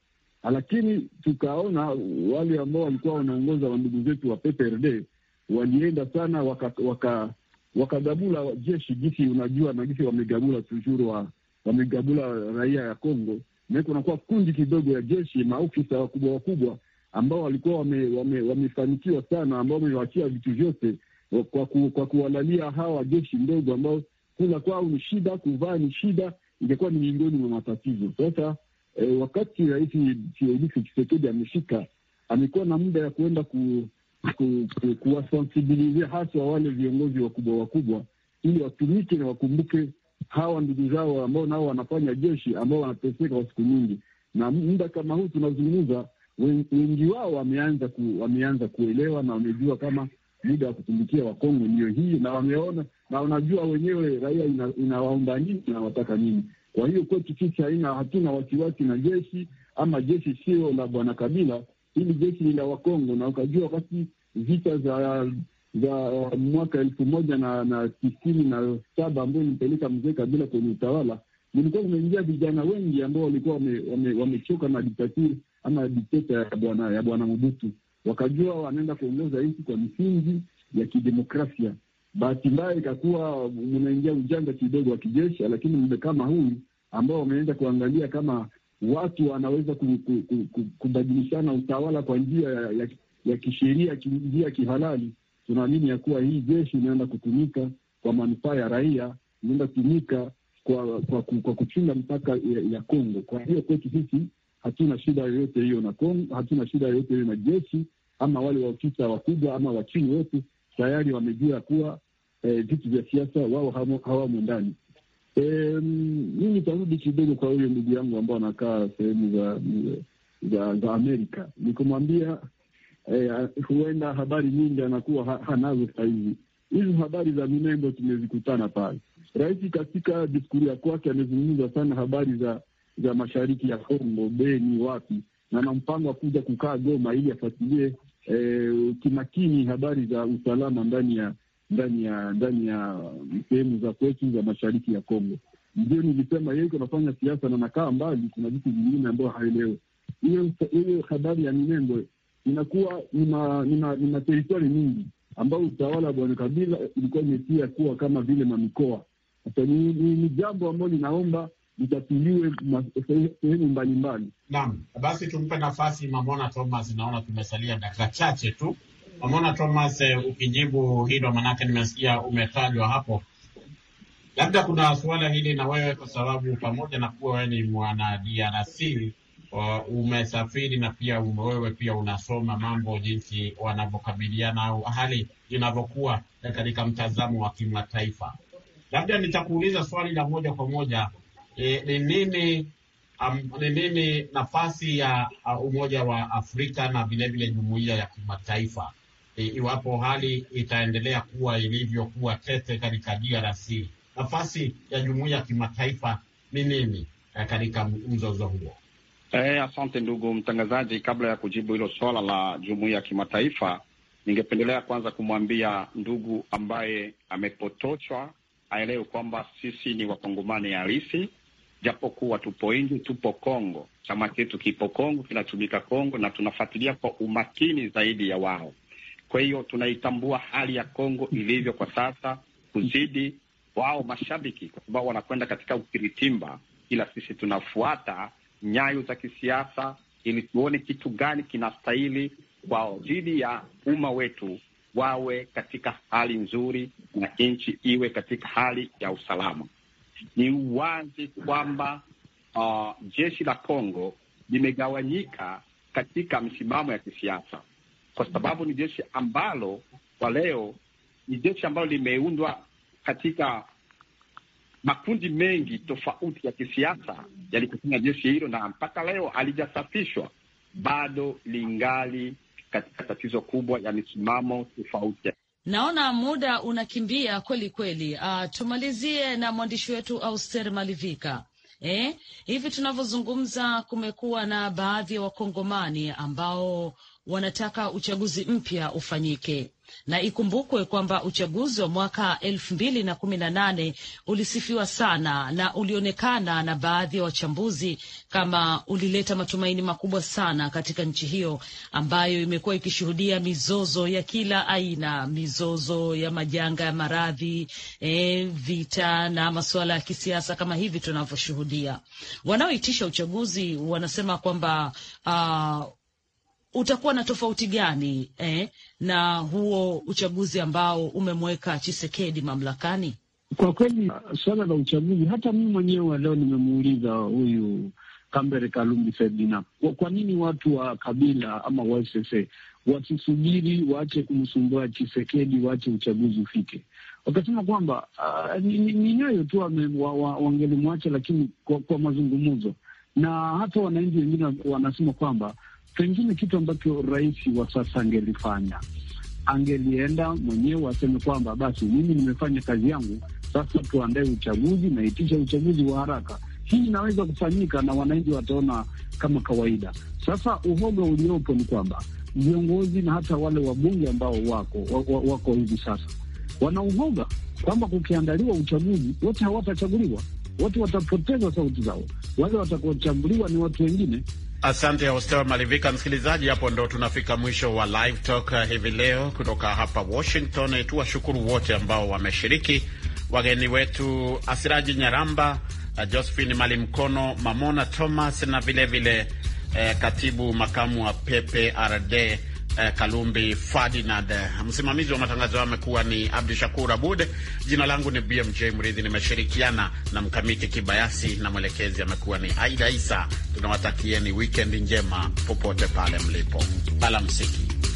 lakini tukaona wale ambao walikuwa wanaongoza wa ndugu zetu wa PPRD walienda sana wakagabula waka, waka jeshi gisi, unajua na jisi wamegabula tujuru wa wamegabula raia ya Kongo, na kunakuwa kundi kidogo ya jeshi maofisa wakubwa wakubwa ambao walikuwa wamefanikiwa wame, wame sana ambao wamewachia vitu vyote kwa, ku, kwa kuwalalia hawa jeshi ndogo ambao kula kwao ni shida, kuvaa ni shida, ingekuwa ni miongoni mwa matatizo sasa E, wakati Rais Felix chisekedi ameshika amekuwa na muda ya kuenda ku, ku, ku, kuwasensibilizia haswa wale viongozi wakubwa wakubwa, ili watumike na wakumbuke hawa ndugu zao ambao nao wanafanya jeshi, ambao wanateseka kwa siku nyingi, na muda kama huu tunazungumza, wengi wao wameanza ku, wameanza kuelewa na wamejua kama muda wa kutumikia wakongo ndio hii, na wameona na wanajua wenyewe raia inawaomba ina nini na wataka nini. Kwa hiyo kwetu sisi haina, hatuna wasiwasi na jeshi ama jeshi sio la bwana Kabila. Hili jeshi ni la Wakongo, na ukajua wakati vita za za mwaka elfu moja na, na tisini na saba ambayo ilipeleka mzee Kabila kwenye utawala, nilikuwa kumeingia vijana wengi ambao walikuwa wamechoka wame na diktaturi ama dikteta ya bwana ya bwana Mobutu, wakajua wanaenda kuongoza nchi kwa misingi ya kidemokrasia bahati mbaya ikakuwa mnaingia ujanja kidogo wa kijeshi, lakini muda kama huu ambao wameenda kuangalia kama watu wanaweza kubadilishana utawala kwa njia ya, ya, ya kisheria, njia kihalali, tunaamini ya kuwa hii jeshi inaenda kutumika kwa manufaa ya raia, inaenda kutumika kwa kwa, kwa kuchunga mpaka ya, ya Kongo. Kwa hiyo kwetu sisi hatuna shida yoyote hiyo na Kongo, hatuna shida yoyote hiyo na jeshi ama wale waofisa wakubwa ama wachini wetu tayari wamejua kuwa Eh, vitu e, vya siasa, wao hawamo ndani. E, mi nitarudi kidogo kwa huyo ndugu yangu ambao anakaa sehemu za, za za Amerika nikumwambia e, huenda habari nyingi anakuwa hanazo sahizi. Hizi habari za minembo tumezikutana pale. Rais katika diskuri ya kwake amezungumza sana habari za za mashariki ya Kongo, Beni, wapi na na mpango wa kuja kukaa Goma ili afuatilie e, kimakini habari za usalama ndani ya ndani ya ndani ya sehemu za kwetu za mashariki ya Kongo. Ndio nilisema yeye anafanya siasa na nakaa mbali, kuna vitu vingine ambayo haelewe. Hiyo hiyo habari ya Minembwe inakuwa ni materitori mingi ambayo utawala wa bwana Kabila ilikuwa imetia kuwa kama vile mamikoa. Sasa ni jambo ambayo linaomba litatuliwe sehemu mbalimbali. Naam, basi tumpe nafasi Mamona Thomas, naona tumesalia dakika chache tu. Wamona Thomas, eh, ukijibu hilo, manake nimesikia umetajwa hapo, labda kuna suala hili na wewe, kwa sababu pamoja na kuwa wewe ni mwana DRC uh, umesafiri na pia um, wewe pia unasoma mambo jinsi wanavyokabiliana au hali inavyokuwa eh, katika mtazamo wa kimataifa, labda nitakuuliza swali la moja kwa moja. E, ni nini um, ni nini nafasi ya uh, Umoja wa Afrika na vilevile jumuiya ya kimataifa E, iwapo hali itaendelea kuwa ilivyokuwa tete katika DRC. Nafasi ya jumuiya ya kimataifa ni nini e, katika mzozo huo? Eh, asante ndugu mtangazaji. Kabla ya kujibu hilo swala la jumuiya ya kimataifa, ningependelea kwanza kumwambia ndugu ambaye amepotoshwa aelewe kwamba sisi ni wakongomani halisi, japokuwa tupo nje, tupo Kongo, chama chetu kipo Kongo, kinatumika Kongo na tunafuatilia kwa umakini zaidi ya wao. Kwa hiyo tunaitambua hali ya Kongo ilivyo kwa sasa kuzidi wao mashabiki, kwa sababu wanakwenda katika ukiritimba, ila sisi tunafuata nyayo za kisiasa ili tuone kitu gani kinastahili kwao dhidi ya umma wetu, wawe katika hali nzuri na nchi iwe katika hali ya usalama. Ni wazi kwamba uh, jeshi la Kongo limegawanyika katika misimamo ya kisiasa kwa sababu ni jeshi ambalo kwa leo ni jeshi ambalo limeundwa katika makundi mengi tofauti ya kisiasa yalikusanya jeshi hilo, na mpaka leo alijasafishwa bado lingali katika tatizo kubwa ya misimamo tofauti. Naona muda unakimbia kweli kweli. Uh, tumalizie na mwandishi wetu Auster Malivika. Eh, hivi tunavyozungumza kumekuwa na baadhi ya wa wakongomani ambao wanataka uchaguzi mpya ufanyike na ikumbukwe kwamba uchaguzi wa mwaka elfu mbili na kumi na nane ulisifiwa sana na ulionekana na baadhi ya wa wachambuzi kama ulileta matumaini makubwa sana katika nchi hiyo ambayo imekuwa ikishuhudia mizozo ya kila aina, mizozo ya majanga ya maradhi, e, vita na masuala ya kisiasa kama hivi tunavyoshuhudia. Wanaoitisha uchaguzi wanasema kwamba uh, utakuwa na tofauti gani eh, na huo uchaguzi ambao umemweka Chisekedi mamlakani? Kwa kweli uh, suala la uchaguzi, hata mimi mwenyewe leo nimemuuliza huyu Kambere Kalumbi Sedina, kwa, kwa nini watu wa kabila ama wasse wasisubiri waache kumsumbua Chisekedi, waache uchaguzi ufike. Wakasema kwamba uh, ni nyayo tu wangelimwacha wa, wa, lakini kwa, kwa mazungumzo, na hata wananchi wengine wanasema kwamba Pengine kitu ambacho rais wa sasa angelifanya, angelienda mwenyewe aseme kwamba basi, mimi nimefanya kazi yangu, sasa tuandae uchaguzi, naitisha uchaguzi wa haraka. Hii inaweza kufanyika na wananchi wataona kama kawaida. Sasa uhoga uliopo ni kwamba viongozi na hata wale wabunge ambao wako wako hivi sasa wana uhoga kwamba kukiandaliwa uchaguzi wote hawatachaguliwa, watu watapoteza sauti zao, wale watakaochaguliwa ni watu wengine. Asante Hostel Malivika. Msikilizaji, hapo ndo tunafika mwisho wa Live Talk eh, hivi leo kutoka hapa Washington. Eh, tuwashukuru wote ambao wameshiriki, wageni wetu Asiraji Nyaramba, eh, Josephine Malimkono, Mamona Thomas na vilevile vile, eh, katibu makamu wa Pepe RD eh, Kalumbi Ferdinand. Msimamizi wa matangazo hayo amekuwa ni Abdu Shakur Abud. Jina langu ni BMJ Mridhi, nimeshirikiana na Mkamiti Kibayasi na mwelekezi amekuwa ni Aida Isa. Tunawatakieni wikendi njema popote pale mlipo, alamsiki.